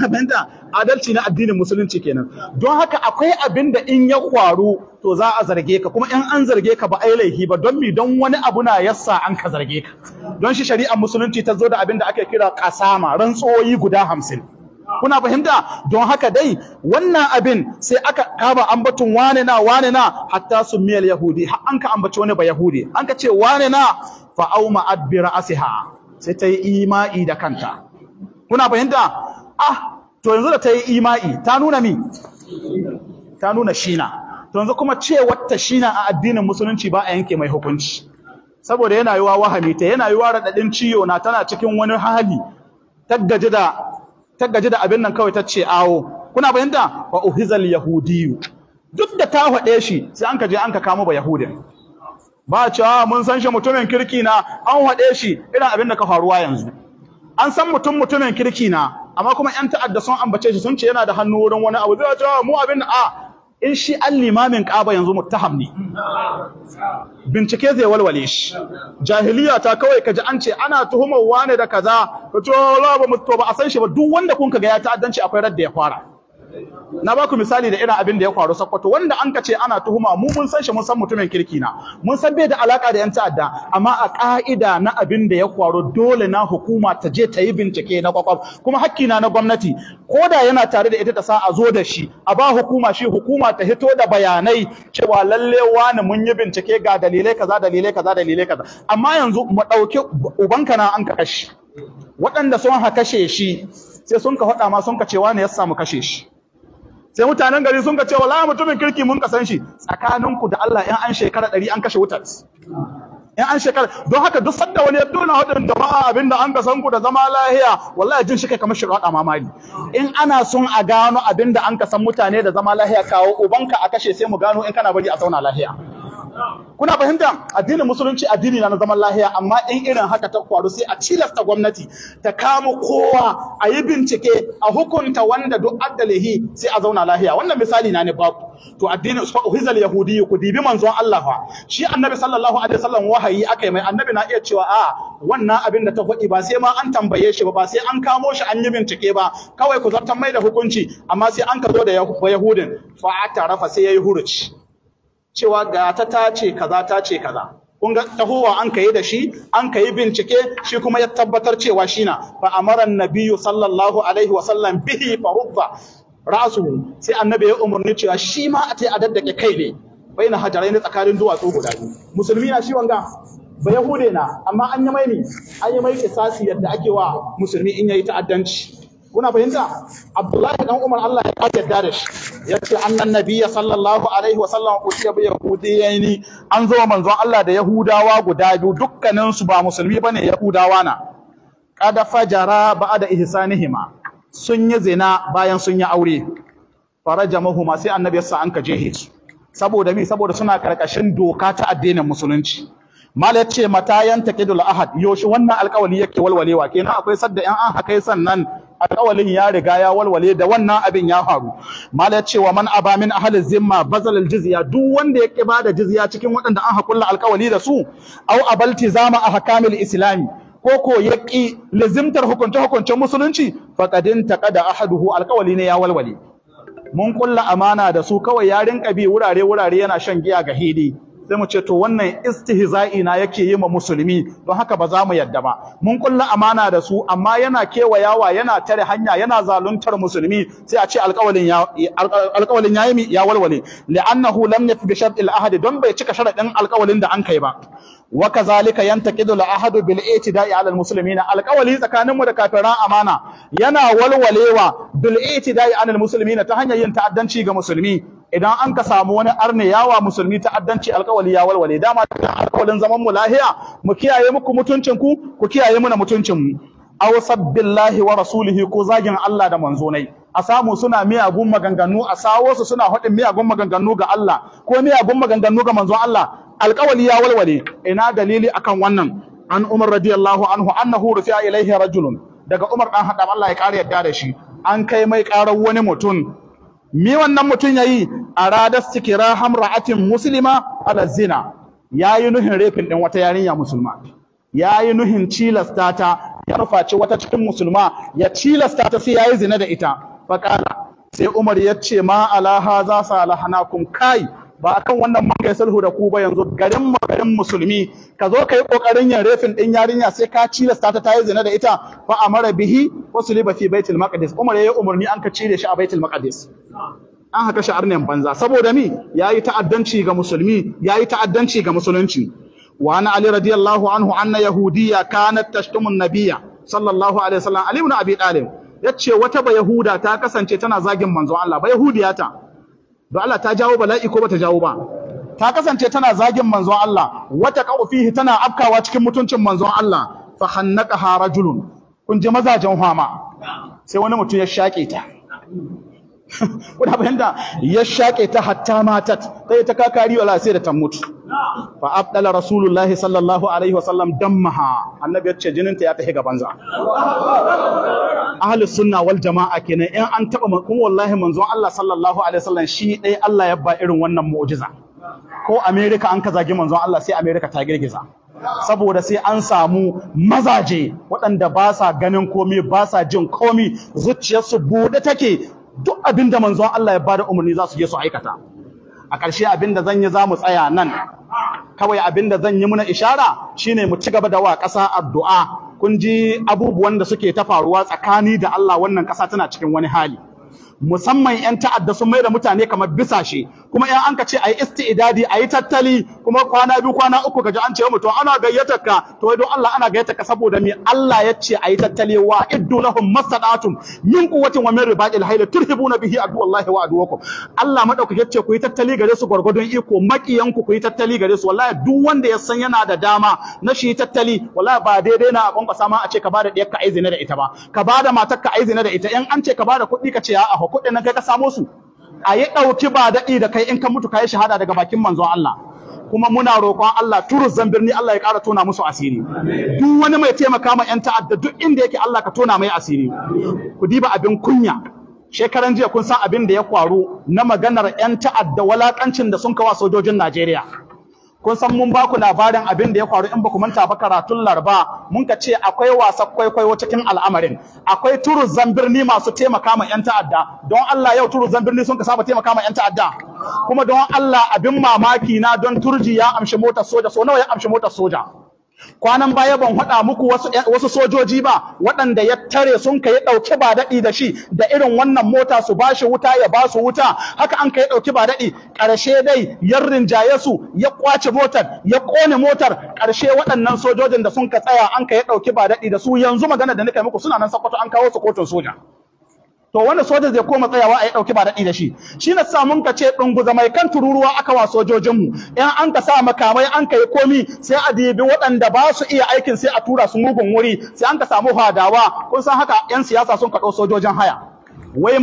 fahimta adalci na addinin musulunci kenan don haka akwai abin da in ya kwaru to za a zarge ka kuma in an zarge ka ba ai laifi ba don mi don wani abu na yassa an ka zarge ka don shi shari'ar musulunci ta zo da abin da ake kira kasama rantsoyi guda hamsin kuna fahimta don haka dai wannan abin sai aka kaba ambatun wane na wane na hatta sun miyal yahudi har an ka ambaci wani ba yahudi an ka ce wane na fa auma adbira asiha sai ta yi imai da kanta kuna fahimta ah to yanzu da ta yi imai ta nuna mi ta nuna shina to yanzu kuma ce wata shina a addinin musulunci ba a yanke mai hukunci saboda yana yiwa wahami ta yana yiwa radadin ciyo na tana cikin wani hali ta da da abin nan kawai ta ce awo kuna fahimta wa uhizal yahudiyu duk da ta faɗe shi sai an ka je an ka kamo ba yahudin ba cewa ah, mun san shi mutumin kirki na an faɗe shi irin abin da ka faruwa yanzu an san mutum mutumin kirki na amma kuma yan ta'adda sun ambace shi sun ce yana da hannu wurin wani abu zai ce ah, mu abin a ah, in shi an limamin ƙaba yanzu muttaham ne bincike zai walwale shi jahiliya ta kawai kaji an ce ana tuhumar wane da kaza to oh, la ba mu ba a san shi ba duk wanda kun kaga ya ta'addanci akwai radda ya fara na ba ku misali da irin abin da ya faru Sokoto wanda an ce ana tuhuma mu mun san shi mun san mutumin kirki na mun san bai da alaka da yan ta'adda amma a ka'ida na abin da ya faru dole na hukuma ta je ta yi bincike na kwakwaf kuma hakki na na gwamnati ko da yana tare da ita ta sa a zo da shi a ba hukuma shi hukuma ta hito da bayanai cewa lalle wani mun yi bincike ga dalilai kaza dalilai kaza dalilai kaza amma yanzu mu dauki ubanka na an kashe waɗanda sun ha kashe shi sai sun ka faɗa ma sun ka cewa ne ya samu kashe shi sai mutanen gari sun ga cewa la mutumin kirki mun ka san shi tsakaninku da Allah in an shekara ɗari an kashe wutar in an shekara don haka duk sanda wani ya tona hudun jama'a da an ka san ku da zama lahiya wallahi jin shi kai kamar shirada mamali in ana son a gano abin da an ka san mutane da zama lahiya kawo ubanka a kashe sai mu gano in kana bari a zauna lahiya kuna fahimta addinin musulunci addini na zaman lahiya amma in irin haka ta faru sai a cilasta gwamnati ta kama kowa a yi bincike a hukunta wanda duk addalihi sai a zauna lahiya wannan misali na ne babu to addinin hizal yahudi ku dibi manzon Allah shi annabi sallallahu alaihi wasallam wahayi akai mai annabi na iya cewa a ah, wannan abin da ta faɗi ba sai ma an tambaye shi ba ba sai an kamo shi an yi bincike ba kawai ku zartan mai da hukunci amma sai an ka zo da yahudin fa tarafa sai ya yi huruci cewa ga ta ce kaza ce kaza kun ga tahowa an kai da shi an kai bincike shi kuma ya tabbatar cewa shi na fa amara nabiyyu sallallahu alaihi wa sallam bihi fa rubba ra'su sai annabi ya umarni cewa shi ma a tai a daddake kai ne baina hajarai ne tsakanin duwatsu guda biyu musulmi na shi wanga ba yahude na amma an yi mai ne an yi mai kisasi yadda ake wa musulmi in yayi ta'addanci kuna fahimta abdullahi dan umar Allah ya yarda da shi yace annan nabiyya sallallahu alaihi wa sallam ya bi yahudiyaini an zo manzon Allah da yahudawa guda biyu dukkanin su ba musulmi bane yahudawa na kada fajara ba'da ihsanihima sun yi zina bayan sun yi aure farajamahuma sai annabi yasa an kaje su saboda me saboda suna karkashin doka ta addinin musulunci Mala ya ce mata yan taqidul ahad yoshi wannan alƙawari yake walwalewa kenan akwai sadda yan an hakai sannan alƙawalin ya riga ya walwale da wannan abin ya faru mala yace wa man aba min ahli zimma bazal jiziya duk wanda ya kiba da jizya cikin waɗanda an hakulla alƙawali da su au abaltizama ahkamil islami ko ko lizimtar lazimtar hukunce hukuncen musulunci faqadin taqada ahaduhu alƙawali ne ya walwale mun kulla amana da su kawai ya rinka bi wurare wurare yana shan giya ga hidi sai mu ce to wannan istihza'i na yake yi ma musulmi don haka ba za mu yadda ba mun kulla amana da su amma yana kewayawa yana tare hanya yana zaluntar musulmi sai a ce alƙawalin ya alƙawalin yayi ya walwale li'annahu lam yafi bi shartil ahadi don bai cika sharadin alƙawalin da an kai ba wa kazalika yantaqidu al-ahadu bil i'tida'i 'ala al alƙawali tsakaninmu da kafiran amana yana walwalewa bil i'tida'i 'ala al ta hanyar yin ta'addanci ga musulmi idan an ka samu wani arne yawa musulmi ta'addanci alkawali ya walwale dama alkawalin zaman mu lahiya mu kiyaye muku mutuncin ku ku kiyaye muna mutuncin mu aw sabbillahi wa rasulihi ko zagin Allah da manzo nai a samu suna miyagun maganganu a sawo su suna haɗin miyagun maganganu ga Allah ko miyagun maganganu ga manzon Allah alkawali ya walwale ina dalili akan wannan an Umar radiyallahu anhu annahu rufi'a ilaihi rajulun daga Umar dan hadam Allah ya kare yadda da shi an kai mai karar wani mutum mi wannan mutum ya yi radar suke raham hamra'atin muslima ala zina yi nuhin refin ɗin wata yarinya musulma Ya yi nuhin cilasta ta ya rufaci wata cikin musulma ya cilasta ta sai ya yi zina da ita faƙala sai Umar ya ce ma su hadha salahanakum kai ba a kan wannan man kai sulhu da ku ba yanzu garin mu garin musulmi ka zo ka yi kokarin yin refin din yarinya sai ka cire ta ta yi zina da ita fa mara bihi wasuliba fi baitul maqdis umar yayi umarni an ka cire shi a baitul maqdis an haka shi arnen banza saboda mi yayi ta'addanci ga musulmi yayi ta'addanci ga musulunci wa ana ali radiyallahu anhu anna yahudiyya kanat tashtumun nabiyya sallallahu alaihi wasallam ali ibn abi talib yace wata ba yahuda ta kasance tana zagin manzon Allah ba yahudiyata don Allah ta jawo bala'i ko bata jawo ba ta kasance tana zagin manzon Allah wata qa'u fihi tana afkawa cikin mutuncin manzon Allah fa hannaqaha rajulun kun ji mazajen hama sai wani mutum ya shake ta kuna bayanta ya shake ta hatta matat sai ta kakari wala sai da ta mutu fa abdala rasulullahi sallallahu alaihi wasallam dammaha annabi ya ce jinin ta ya tafi gaban za Ahli sunna wal jama'a kenan in an taba kuma wallahi manzon Allah sallallahu alaihi wasallam shi dai Allah ya ba irin wannan mu'jiza ko America an ka zagi manzon Allah sai America ta girgiza saboda sai an samu mazaje waɗanda ba sa ganin komi ba sa jin komi zuciyarsu bude take duk abinda da manzon Allah ya ba da umarni za su je su aikata a ƙarshe abin da zan yi za mu tsaya nan kawai abin da zan yi muna ishara shine mu ci gaba da wa ƙasa addu'a kun ji abubuwan da suke ta faruwa tsakani da Allah wannan ƙasa tana cikin wani hali musamman yan ta'adda sun mai da mutane kamar bisashe kuma yan an ka ce ayi a yi tattali kuma kwana biyu kwana uku kaje an ce To ana gayyatar ka to don Allah ana gayyatar ka saboda me Allah ya ce a yi tattali wa iddu lahum masadatum min quwwatin wa min ribatil hayl turhibuna bihi aduwallahi wa aduwakum Allah madaukake ya ce ku yi tattali gare su gwargwadon iko makiyanku ku yi tattali gare su wallahi duk wanda ya san yana da dama na shi tattali wallahi ba daidai na a kwankwasa ma a ce ka bada diyar ka aizina da ita ba ka bada matar ka aizina da ita in an ce ka bada kuɗi ka ce a'a ba kuɗin nan kai ka samo su a yi ɗauki ba daɗi da kai in ka mutu ka yi shahada daga bakin manzon Allah kuma muna roƙon Allah turu birni Allah ya ƙara tona musu asiri duk wani mai taimaka ma 'yan ta'adda duk inda yake Allah ka tona mai asiri ku diba abin kunya shekaran jiya kun san abin da ya kwaru na maganar 'yan ta'adda walakancin da sun kawa sojojin Najeriya kun san mun baku labarin abin da ya faru in baku manta ba karatun larba mun ka ce akwai wasa kwaikwayo cikin al'amarin akwai turu zambirni masu taimaka ma yan ta'adda don Allah yau turu zambirni sun ka saba taimaka ma yan ta'adda kuma don Allah abin mamaki na don turji ya amshi motar soja so nawa ya amshi motar soja kwanan baya ban haɗa muku wasu, eh, wasu sojoji ba waɗanda ya tare sun ka ya ɗauki ba daɗi da shi da irin wannan mota su bashi wuta ya ba su wuta haka an ka ya ɗauki ba daɗi ƙarshe dai yar rinjaye su ya ƙwace motar ya ƙone motar ƙarshe waɗannan sojojin da sun ka tsaya an ka ya ɗauki ba daɗi da su yanzu magana da nika muku suna nan sakwato an kawo su kotun soja to wanda soja zai koma tsayawa a yi ɗauki ba daɗi da shi shi na sa mun ka ce ɗunguza mai kan tururuwa aka wa sojojinmu in an ka sa makamai an ka yi komi sai a dibi waɗanda ba su iya aikin sai a tura su mugun wuri sai an ka samu hadawa kun san haka 'yan siyasa sun kaɗo sojojin haya wai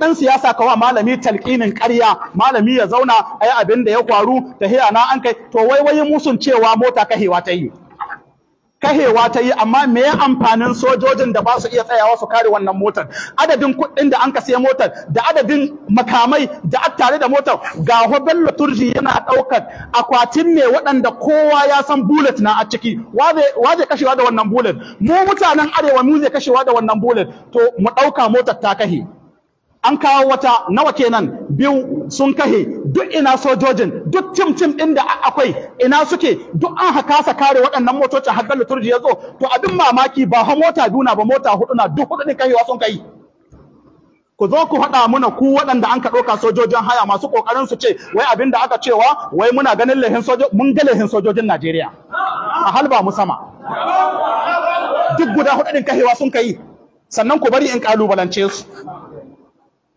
ɗan siyasa kawa malami talƙinin ƙarya malami ya zauna a yi abin da ya kwaru ta na an kai to wai wai musun cewa mota kahewa ta yi kahewa ta yi amma me ya amfanin sojojin da ba su iya tsayawa su kare wannan motar adadin kuɗin da an ka siya motar da adadin makamai da a tare da motar ga bello turji yana ɗaukar akwatin ne waɗanda kowa ya san bullet na a ciki waje kashewa da wannan bullet mu mutanen arewa mu ne kashewa da wannan bullet to mu ɗauka motar ta kahe an kawo wata nawa kenan biyu sun kahe duk ina sojojin duk tim tim din da akwai ina suke duk an hakasa kare waɗannan motoci har da liturji ya zo to abin mamaki ba ha mota biyu na ba mota hudu na duk hudu din kahewa sun kai ku zo ku haɗa muna ku waɗanda an ka ɗauka sojojin haya masu ƙoƙarin su ce wai abin da aka cewa wai muna ganin lehin sojo mun ga lehin sojojin Najeriya a halba mu sama duk guda hudu din kahewa sun kai sannan ku bari in kalubalance su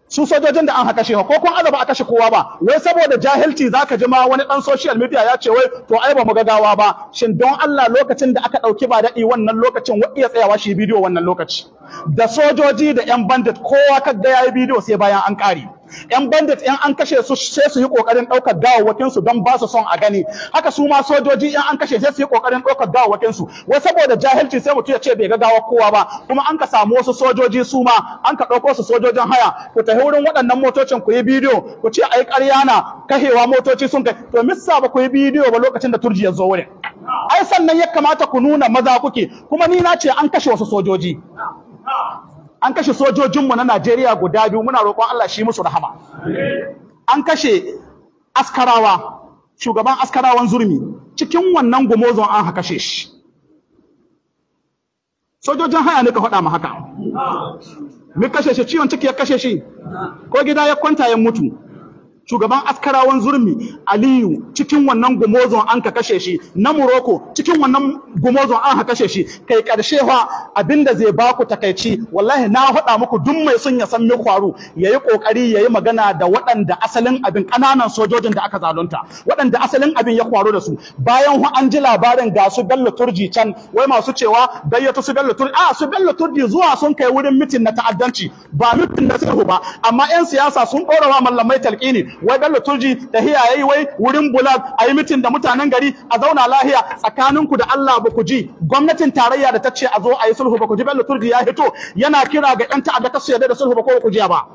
su sojojin da an haka shi ko kun azaba a kashe kowa ba wai saboda jahilci zaka ji ma wani dan social media ya ce wai to ai ba mu gagawa ba shin don Allah lokacin da aka dauki ba dadi wannan lokacin wa iya tsayawa shi bidiyo wannan lokaci da sojoji da yan bandit kowa kaga yayi bidiyo sai bayan an kare yan bandit yan an kashe su sai su yi kokarin ɗaukar gawawwakin su don ba su son a gani haka su ma sojoji yan an kashe sai su yi kokarin daukar gawawwakin su wai saboda jahilci sai mutum ya ce bai ga gawar kowa ba kuma an ka samu wasu sojoji su ma an ka dauko su sojojin haya ku tafi wurin waɗannan motocin ku yi bidiyo ku ce ai ƙarya na kahewa motoci sun kai to missa ba ku yi bidiyo ba lokacin da turji ya zo wurin ai sannan ya kamata ku nuna maza kuke kuma ni na ce an kashe wasu sojoji an kashe sojojinmu na Najeriya guda biyu muna roƙon Allah shi musu rahama an kashe askarawa shugaban askarawan zurmi cikin wannan gumozon an haka shi sojojin haya ne ka faɗa ma haka mu kashe shi ciwon ciki ya kashe shi ko gida ya kwanta ya mutu shugaban askarawan zurmi aliyu cikin wannan gumozon an ka kashe shi na muroko, cikin wannan gumozon an ka kashe shi kai karshe fa abinda zai baku takaici wallahi na faɗa muku duk mai son ya san me kwaru yayi kokari yayi magana da waɗanda asalin abin kananan sojojin da aka zalunta waɗanda asalin abin ya kwaro da su bayan hu an ji labarin ga su Bello Turji can wai masu cewa gayyato su Bello Turji a ah, su Bello Turji zuwa sun kai wurin mitin na ta'addanci ba mitin na sulhu ba amma 'yan siyasa sun ɗora wa mallamai talƙini wai bello turji hiya yayi wai wurin bulag yi mitin da mutanen gari a zauna lahiya tsakaninku da Allah ba ku ji gwamnatin tarayya da ta ce a zo a yi sulhu ba ku ji bello turji ya hito yana kira ga yan ta'adda ta su yarda da sulhu ba ku ji ba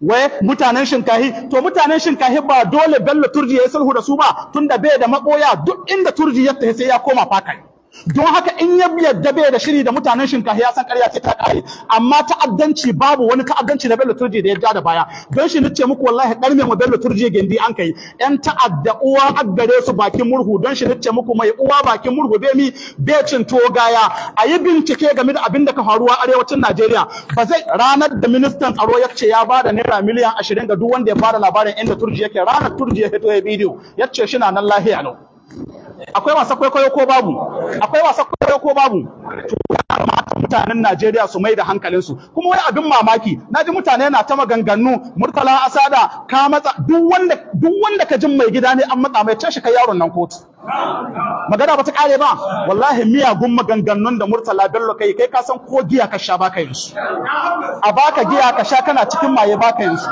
wai mutanen shinkahi to mutanen shinkahi ba dole bello turji ya yi sulhu da su ba tunda bai da maboya duk inda turji ya tafi sai ya koma fakai don haka in ya yadda bai da shiri da mutanen shinkafa ya san ƙarya ce ta ƙare amma ta'addanci babu wani ta'addanci na Bello Turji da ya ja da baya don shi nace muku wallahi ƙarme wa Bello Turji gindi an kai ƴan ta'adda uwa aggare su bakin murhu don shi nace muku mai uwa bakin murhu be mi bai cin tuwo gaya a yi bincike game da abin da ka faruwa arewacin Najeriya ba zai ranar da ministan tsaro ya ce ya ba da naira miliyan ashirin ga duk wanda ya fara labarin inda Turji yake ranar Turji ya fito ya bidiyo ya ce shi na nan lahiya lau akwai wasa kwaikwayo ko babu akwai wasa kwaikwayo ko babu to mutanen Najeriya su mai da hankalin su kuma wai abin mamaki naji mutane na ta maganganu murtala asada ka matsa duk wanda duk wanda ka jin mai gida ne an matsa mai tashi kai yaron nan kotu magana ba ta kare ba wallahi miyagun maganganun da murtala bello kai kai ka san ko giya ka sha baka yin su a baka giya ka sha kana cikin maye baka yin su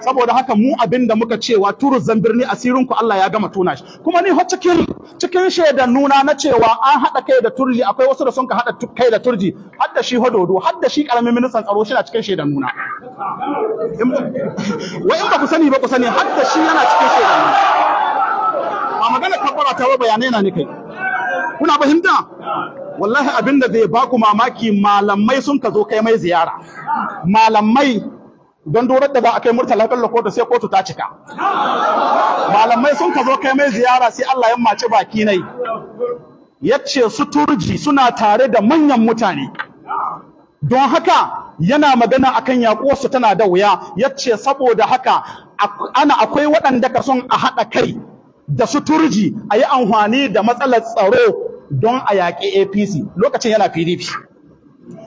saboda haka mu abin da muka cewa turu zambirni asirin ku Allah ya gama tona shi kuma ni har cikin cikin shaidan nuna na cewa an hada kai da turji akwai wasu da sun ka hada kai da turji har da shi hododo har da shi karamin ministan tsaro shi na cikin sheda nuna Wa in ba ku sani ba ku sani har da shi yana cikin sheda nuna ba magana kafara ta ba bayanai na ni kai kuna fahimta wallahi abin da zai ba ku mamaki malamai sun ka zo kai mai ziyara malamai don dorar da za a kai murtala bello kotu sai kotu ta cika malamai sun ka zo kai mai ziyara sai Allah ya mace baki nai yace su turji suna tare da manyan mutane don haka yana magana akan yaƙuwarsu tana da wuya yace saboda haka ana akwai waɗanda ka son a haɗa kai da su turji a yi amfani da matsalar tsaro don a yaƙi APC lokacin yana PDP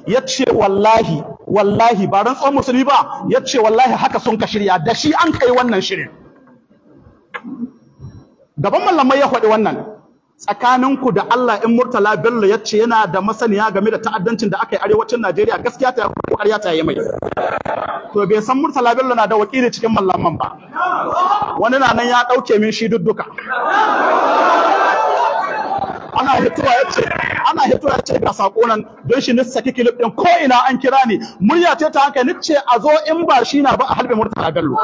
ya ce wallahi wallahi ba rantsuwar musulmi ba ya ce wallahi haka sun ka shirya da shi an kai wannan shirin Daban mallamai ya faɗi wannan tsakaninku da Allah in Murtala Bello ya ce yana da masaniya game da ta'addancin da aka yi arewacin Najeriya gaskiya ta ko ƙarya ta yi mai to bai san Murtala Bello na da wakili cikin mallaman ba wani na nan ya ɗauke min shi duka. ana hitowa ce ana hitowa ce ga sako nan don shi nissa kikilip din ko ina an kira ni murya ce ta hankali ce a zo in ba shi na ba a halbe murtala gallo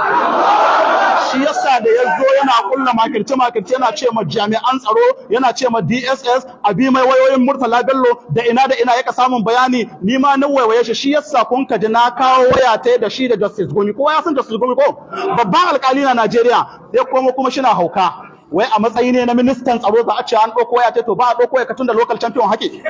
shi yasa da ya zo yana kulla makirce makirce yana ce ma jami'an tsaro yana ce ma DSS a bi mai wayoyin murtala gallo da ina da ina yaka samun bayani ni ma na waiwaye shi shi yasa kun kaji na kawo waya ta da shi da Justice Gomi kowa ya san Justice Gomi ko babban alkali na Najeriya ya komo kuma shi na hauka wai a matsayi ne na ministan tsaro ba a ce an ɗauko waya to ba a ɗauko waya da local champion hake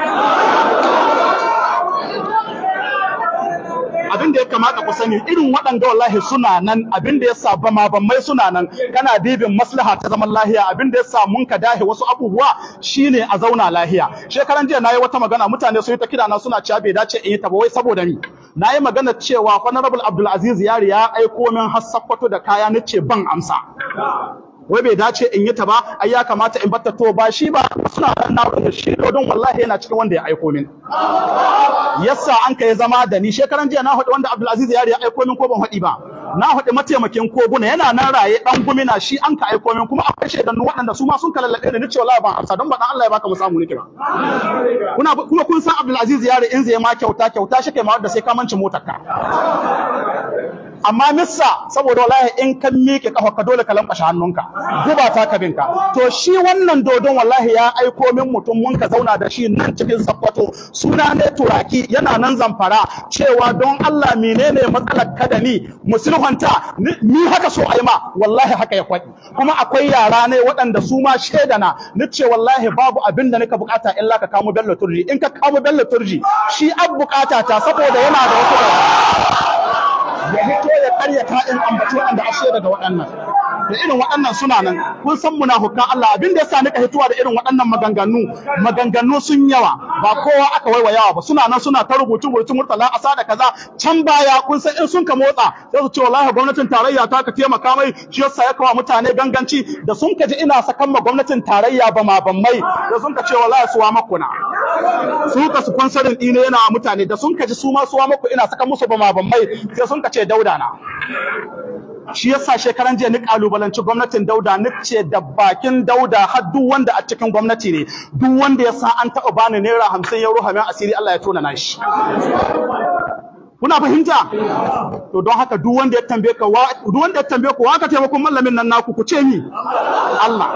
abin da ya kamata ku sani irin waɗanda wallahi suna nan abin da ya sa bama bammai suna nan kana bibin maslaha ta zaman lahiya abin da ya sa mun ka dahe wasu abubuwa shine a zauna lahiya shekaran jiya na yi wata magana mutane sun yi ta kira na suna cewa bai dace in yi ta ba wai saboda ni yi magana cewa honorable abdul'aziz Yari ya aiko min har sakkwato da kaya na ce ban amsa wai bai dace in yi ta ba ai ya kamata in batta to ba shi ba suna nan na wurin shi don wallahi yana cikin wanda ya aiko min yasa an kai zama da ni shekaran jiya na hudu wanda Abdulaziz Yari ya aiko min ko ban hudi ba na hudu mataimakin koguna yana nan raye dan gumina shi an ka aiko min kuma akwai shaidannu waɗanda su ma sun kalallabe ni nace wallahi ban amsa don ba dan Allah ya baka mu samu nake ba kuna kuma kun san Abdulaziz Yari in zai ma kyauta kyauta shi kai ma wanda sai ka manci motar ka amma missa saboda wallahi in kan miƙe kafa ka dole ka lankwashe hannunka guba ta kabinka to shi wannan dodon wallahi ya aiko min mutum mun ka zauna da shi nan cikin sakkwato suna ne turaki yana nan zamfara cewa don Allah menene matsalar ka da ni musulhunta ni haka so ai ma wallahi haka ya kwaɗi kuma akwai yara ne waɗanda su ma shaida na ni ce wallahi babu abin da nika bukata illa ka kamo bello turji in ka kamo bello turji shi ab bukata ta saboda yana da wata ya hito ya karyata in ambaci waɗanda ashe daga waɗannan da irin waɗannan suna nan kun san munafukan Allah abin da yasa nika hituwa da irin waɗannan maganganu maganganu sun yawa ba kowa aka waiwayawa ba suna nan suna ta rubutu rubutu murtala asa da kaza can baya kun san in sun ka motsa sai su ce wallahi gwamnatin tarayya ta ka taimaka mai shi yasa ya kawo mutane ganganci da sun ka ji ina sakan ma gwamnatin tarayya ba ma ban mai da sun ka ce wallahi suwa makuna su ka su kwansarin ɗine yana mutane da sun ka ji su ma suwa maku ina sakan musu ba ma ban mai sai sun ka ce dauda na shi yasa shekaran jiya ni kalubalanci gwamnatin dauda ni ce da bakin dauda har duk wanda a cikin gwamnati ne duk wanda ya san an taɓa bani naira hamsin ya ruha asiri Allah ya tona nashi kuna fahimta to don haka duk wanda ya tambaye ka duk wanda ya tambaye ku wa ka taimako mallamin nan naku ku ce ni Allah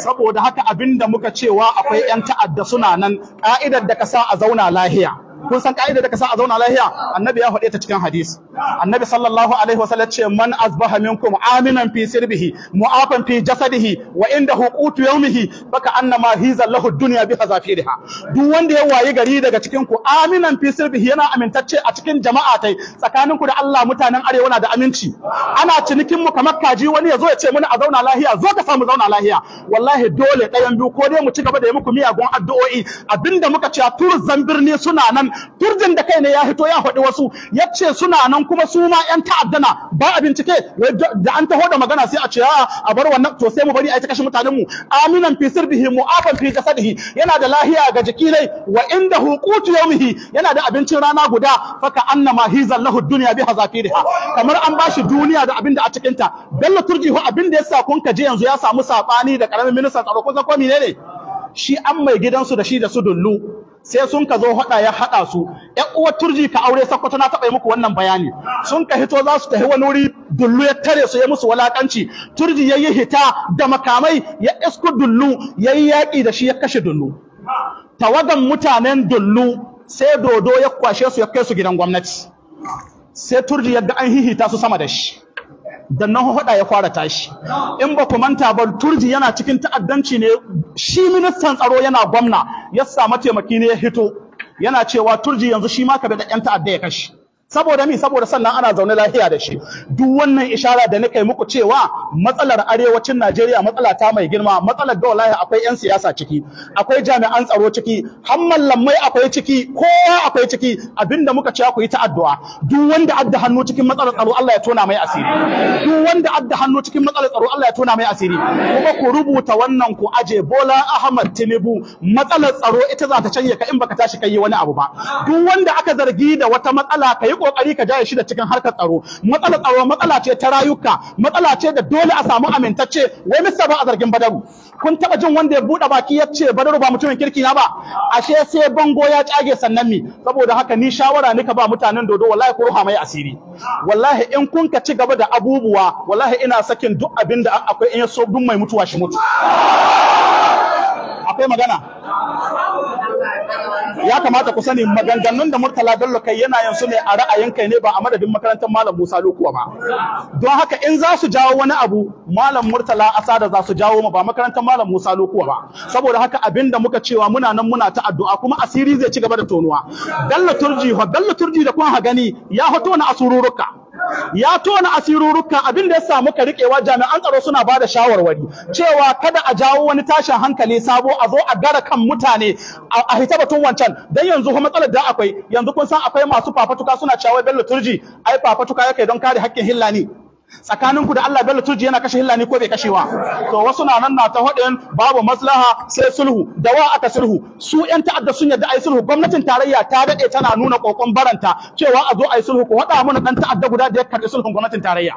saboda haka abinda muka cewa akwai 'yan ta'adda suna nan ka'idar da ka sa a zauna lahiya kun san ka'ida da ka sa a zauna lafiya annabi ya faɗe ta cikin hadisi annabi sallallahu alaihi wasallam ce man azbaha minkum aminan fi sirbihi mu'afan fi jasadihi wa inda huqutu yawmihi baka annama hiza lahu dunya bi hazafiriha duk wanda ya wayi gari daga cikin ku aminan fi sirbihi yana amintacce a cikin jama'a tai tsakanin ku da Allah mutanen arewa na da aminci ana cinikin mu kamar kaji wani ya zo ya ce mana a zauna lafiya zo ka samu zauna lafiya wallahi dole ɗayan biyu ko dai mu ci gaba da yi muku miyagun addu'o'i abinda muka ce turzan birni suna nan turjin da kai ne ya hito, ya faɗi wasu ya ce suna nan kuma su ma yan ta'addana ba a bincike da an taho da magana sai a ce a bar wannan to sai mu bari a yi ta kashe mutanen mu aminan fi sirbihi mu'afan fi jasadihi yana da lahiya ga jiki ne wa inda ya yaumihi yana da abincin rana guda faka anna annama hizan lahu dunya biha zafiriha kamar an bashi duniya da abinda a cikinta. ta bello turjihu abin da yasa kun ka je yanzu ya samu sabani da karamin ministan tsaro ko ne ne shi an mai gidansu da shi da su dullu sai sun ka zo hada ya hada su ƴan uwar turji ka aure sakkwato na taɓa yi muku wannan bayani sun ka hito za su tafi wani wuri dullu ya tare su ya musu walakanci turji ya yi hita da makamai ya isku dullu ya yi yaƙi da shi ya kashe dullu tawagan mutanen dullu sai dodo ya kwashe su ya kai su gidan gwamnati sai turji ya ga an hihita su sama da shi da nan hoda ya fara tashi in ba ku manta ba turji yana cikin ta'addanci ne shi ministan tsaro yana gwamna ya samu taimaki ne ya hito yana cewa turji yanzu shi ma ka da yan ta'adda ya kashe saboda mi saboda sannan ana zaune lafiya da shi duk wannan ishara da nake muku cewa matsalar arewacin Najeriya matsala ta mai girma matsalar da wallahi akwai yan siyasa ciki akwai jami'an tsaro ciki har mallamai akwai ciki kowa akwai ciki abinda muka cewa ku yi ta addu'a duk wanda adda hannu cikin matsalar tsaro Allah ya tona mai asiri duk wanda adda hannu cikin matsalar tsaro Allah ya tona mai asiri kuma ku rubuta wannan ku aje Bola Ahmad Tinubu matsalar tsaro ita za ta canje ka in baka tashi kai wani abu ba duk wanda aka zargi da wata matsala kai kokari ka jaye shi da cikin harkar tsaro matsalar tsaro matsala ce ta rayuka matsala ce da dole a samu amintacce wai mista ba a zargin badaru kun taba jin wanda ya bude baki ya ce badaru ba mutumin kirki na ba ashe sai bango ya cage sannan mi saboda haka ni shawara nika ba mutanen dodo wallahi ku ruha mai asiri wallahi in kun ka ci gaba da abubuwa wallahi ina sakin duk abin da akwai in ya so duk mai mutuwa shi mutu akwai magana ya kamata ku sani maganganun da Murtala Bello kai yana yanzu ne a ra'ayin kai ne ba a madadin makarantar Malam Musa Lokuwa ba don haka in za su jawo wani abu Malam Murtala da za su jawo ma ba makarantar Malam Musa Lokuwa ba saboda haka abinda muka cewa muna nan muna ta addu'a kuma asiri zai ci gaba da tonuwa Bello Turji fa Bello Turji da kun ha gani ya hoto na asururuka ya tona asirurruka abin da ya samu ka riƙewa jami'an tsaro suna ba da shawarwari cewa kada a jawo wani tashin hankali sabo a zo a gara kan mutane a hita batun wancan dan yanzu kuma matsalar da akwai yanzu kun san akwai masu fafatuka suna cewa bello turji ai fafatuka yake don kare haƙƙin hillani tsakaninku da Allah Bello tuji yana kashe hillani ko bai kashewa to wasu na nan na ta hadin babu maslaha sai sulhu da wa aka sulhu su yan ta'adda sun yadda ai sulhu gwamnatin tarayya ta dade tana nuna kokon baranta cewa a zo ai sulhu ko hada mana dan ta'adda guda da ya karbi sulhun gwamnatin tarayya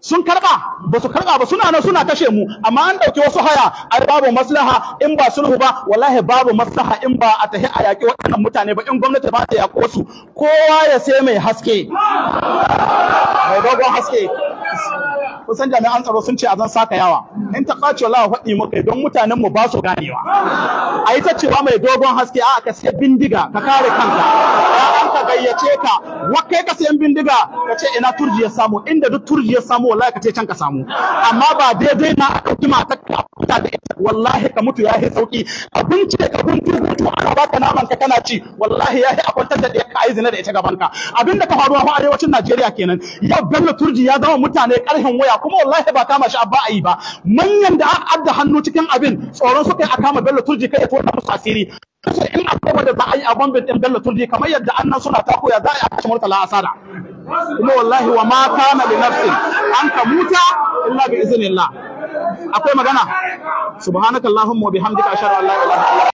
sun karba ba su karba ba suna nan suna kashe mu amma an ɗauki wasu haya ai babu maslaha in ba sulhu ba wallahi babu maslaha in ba a tahi a yaki waɗannan mutane ba in gwamnati ba ta yaki wasu kowa ya sai mai haske mai dogon haske kusan jami'an tsaro sun ce a zan saka yawa in ta kwace lawa faɗi muka don mutanen mu ba su ganewa a yi ta cewa mai dogon haske a ka sai bindiga ka kare kanka an ka gayyace ka wakai ka sayan bindiga ka ce ina turji ya samu inda duk turji ya samu wallahi ka ce can ka samu amma ba daidai na a ɗauki matar ta da ita wallahi ka mutu ya yi sauki abinci ka buntu hutu ana baka naman ka kana ci wallahi ya yi a kwantar da ɗaya ka aizina da ita gaban ka abinda ka faruwa a arewacin Najeriya kenan yau Bello Turji ya zama mutane mutane ƙarfin waya kuma wallahi ba kama shi abba ayi ba manyan da aka adda hannu cikin abin tsoron su kai a kama bello turji kai ya tona musu asiri sai in akwai wanda za a yi a bombin din bello turji kamar yadda annan suna ta koya za a yi a kashe murtala a asara kuma wallahi wa ma kana li nafsin an kamuta illa bi iznillah akwai magana subhanakallahumma wa bihamdika ashhadu an la ilaha illa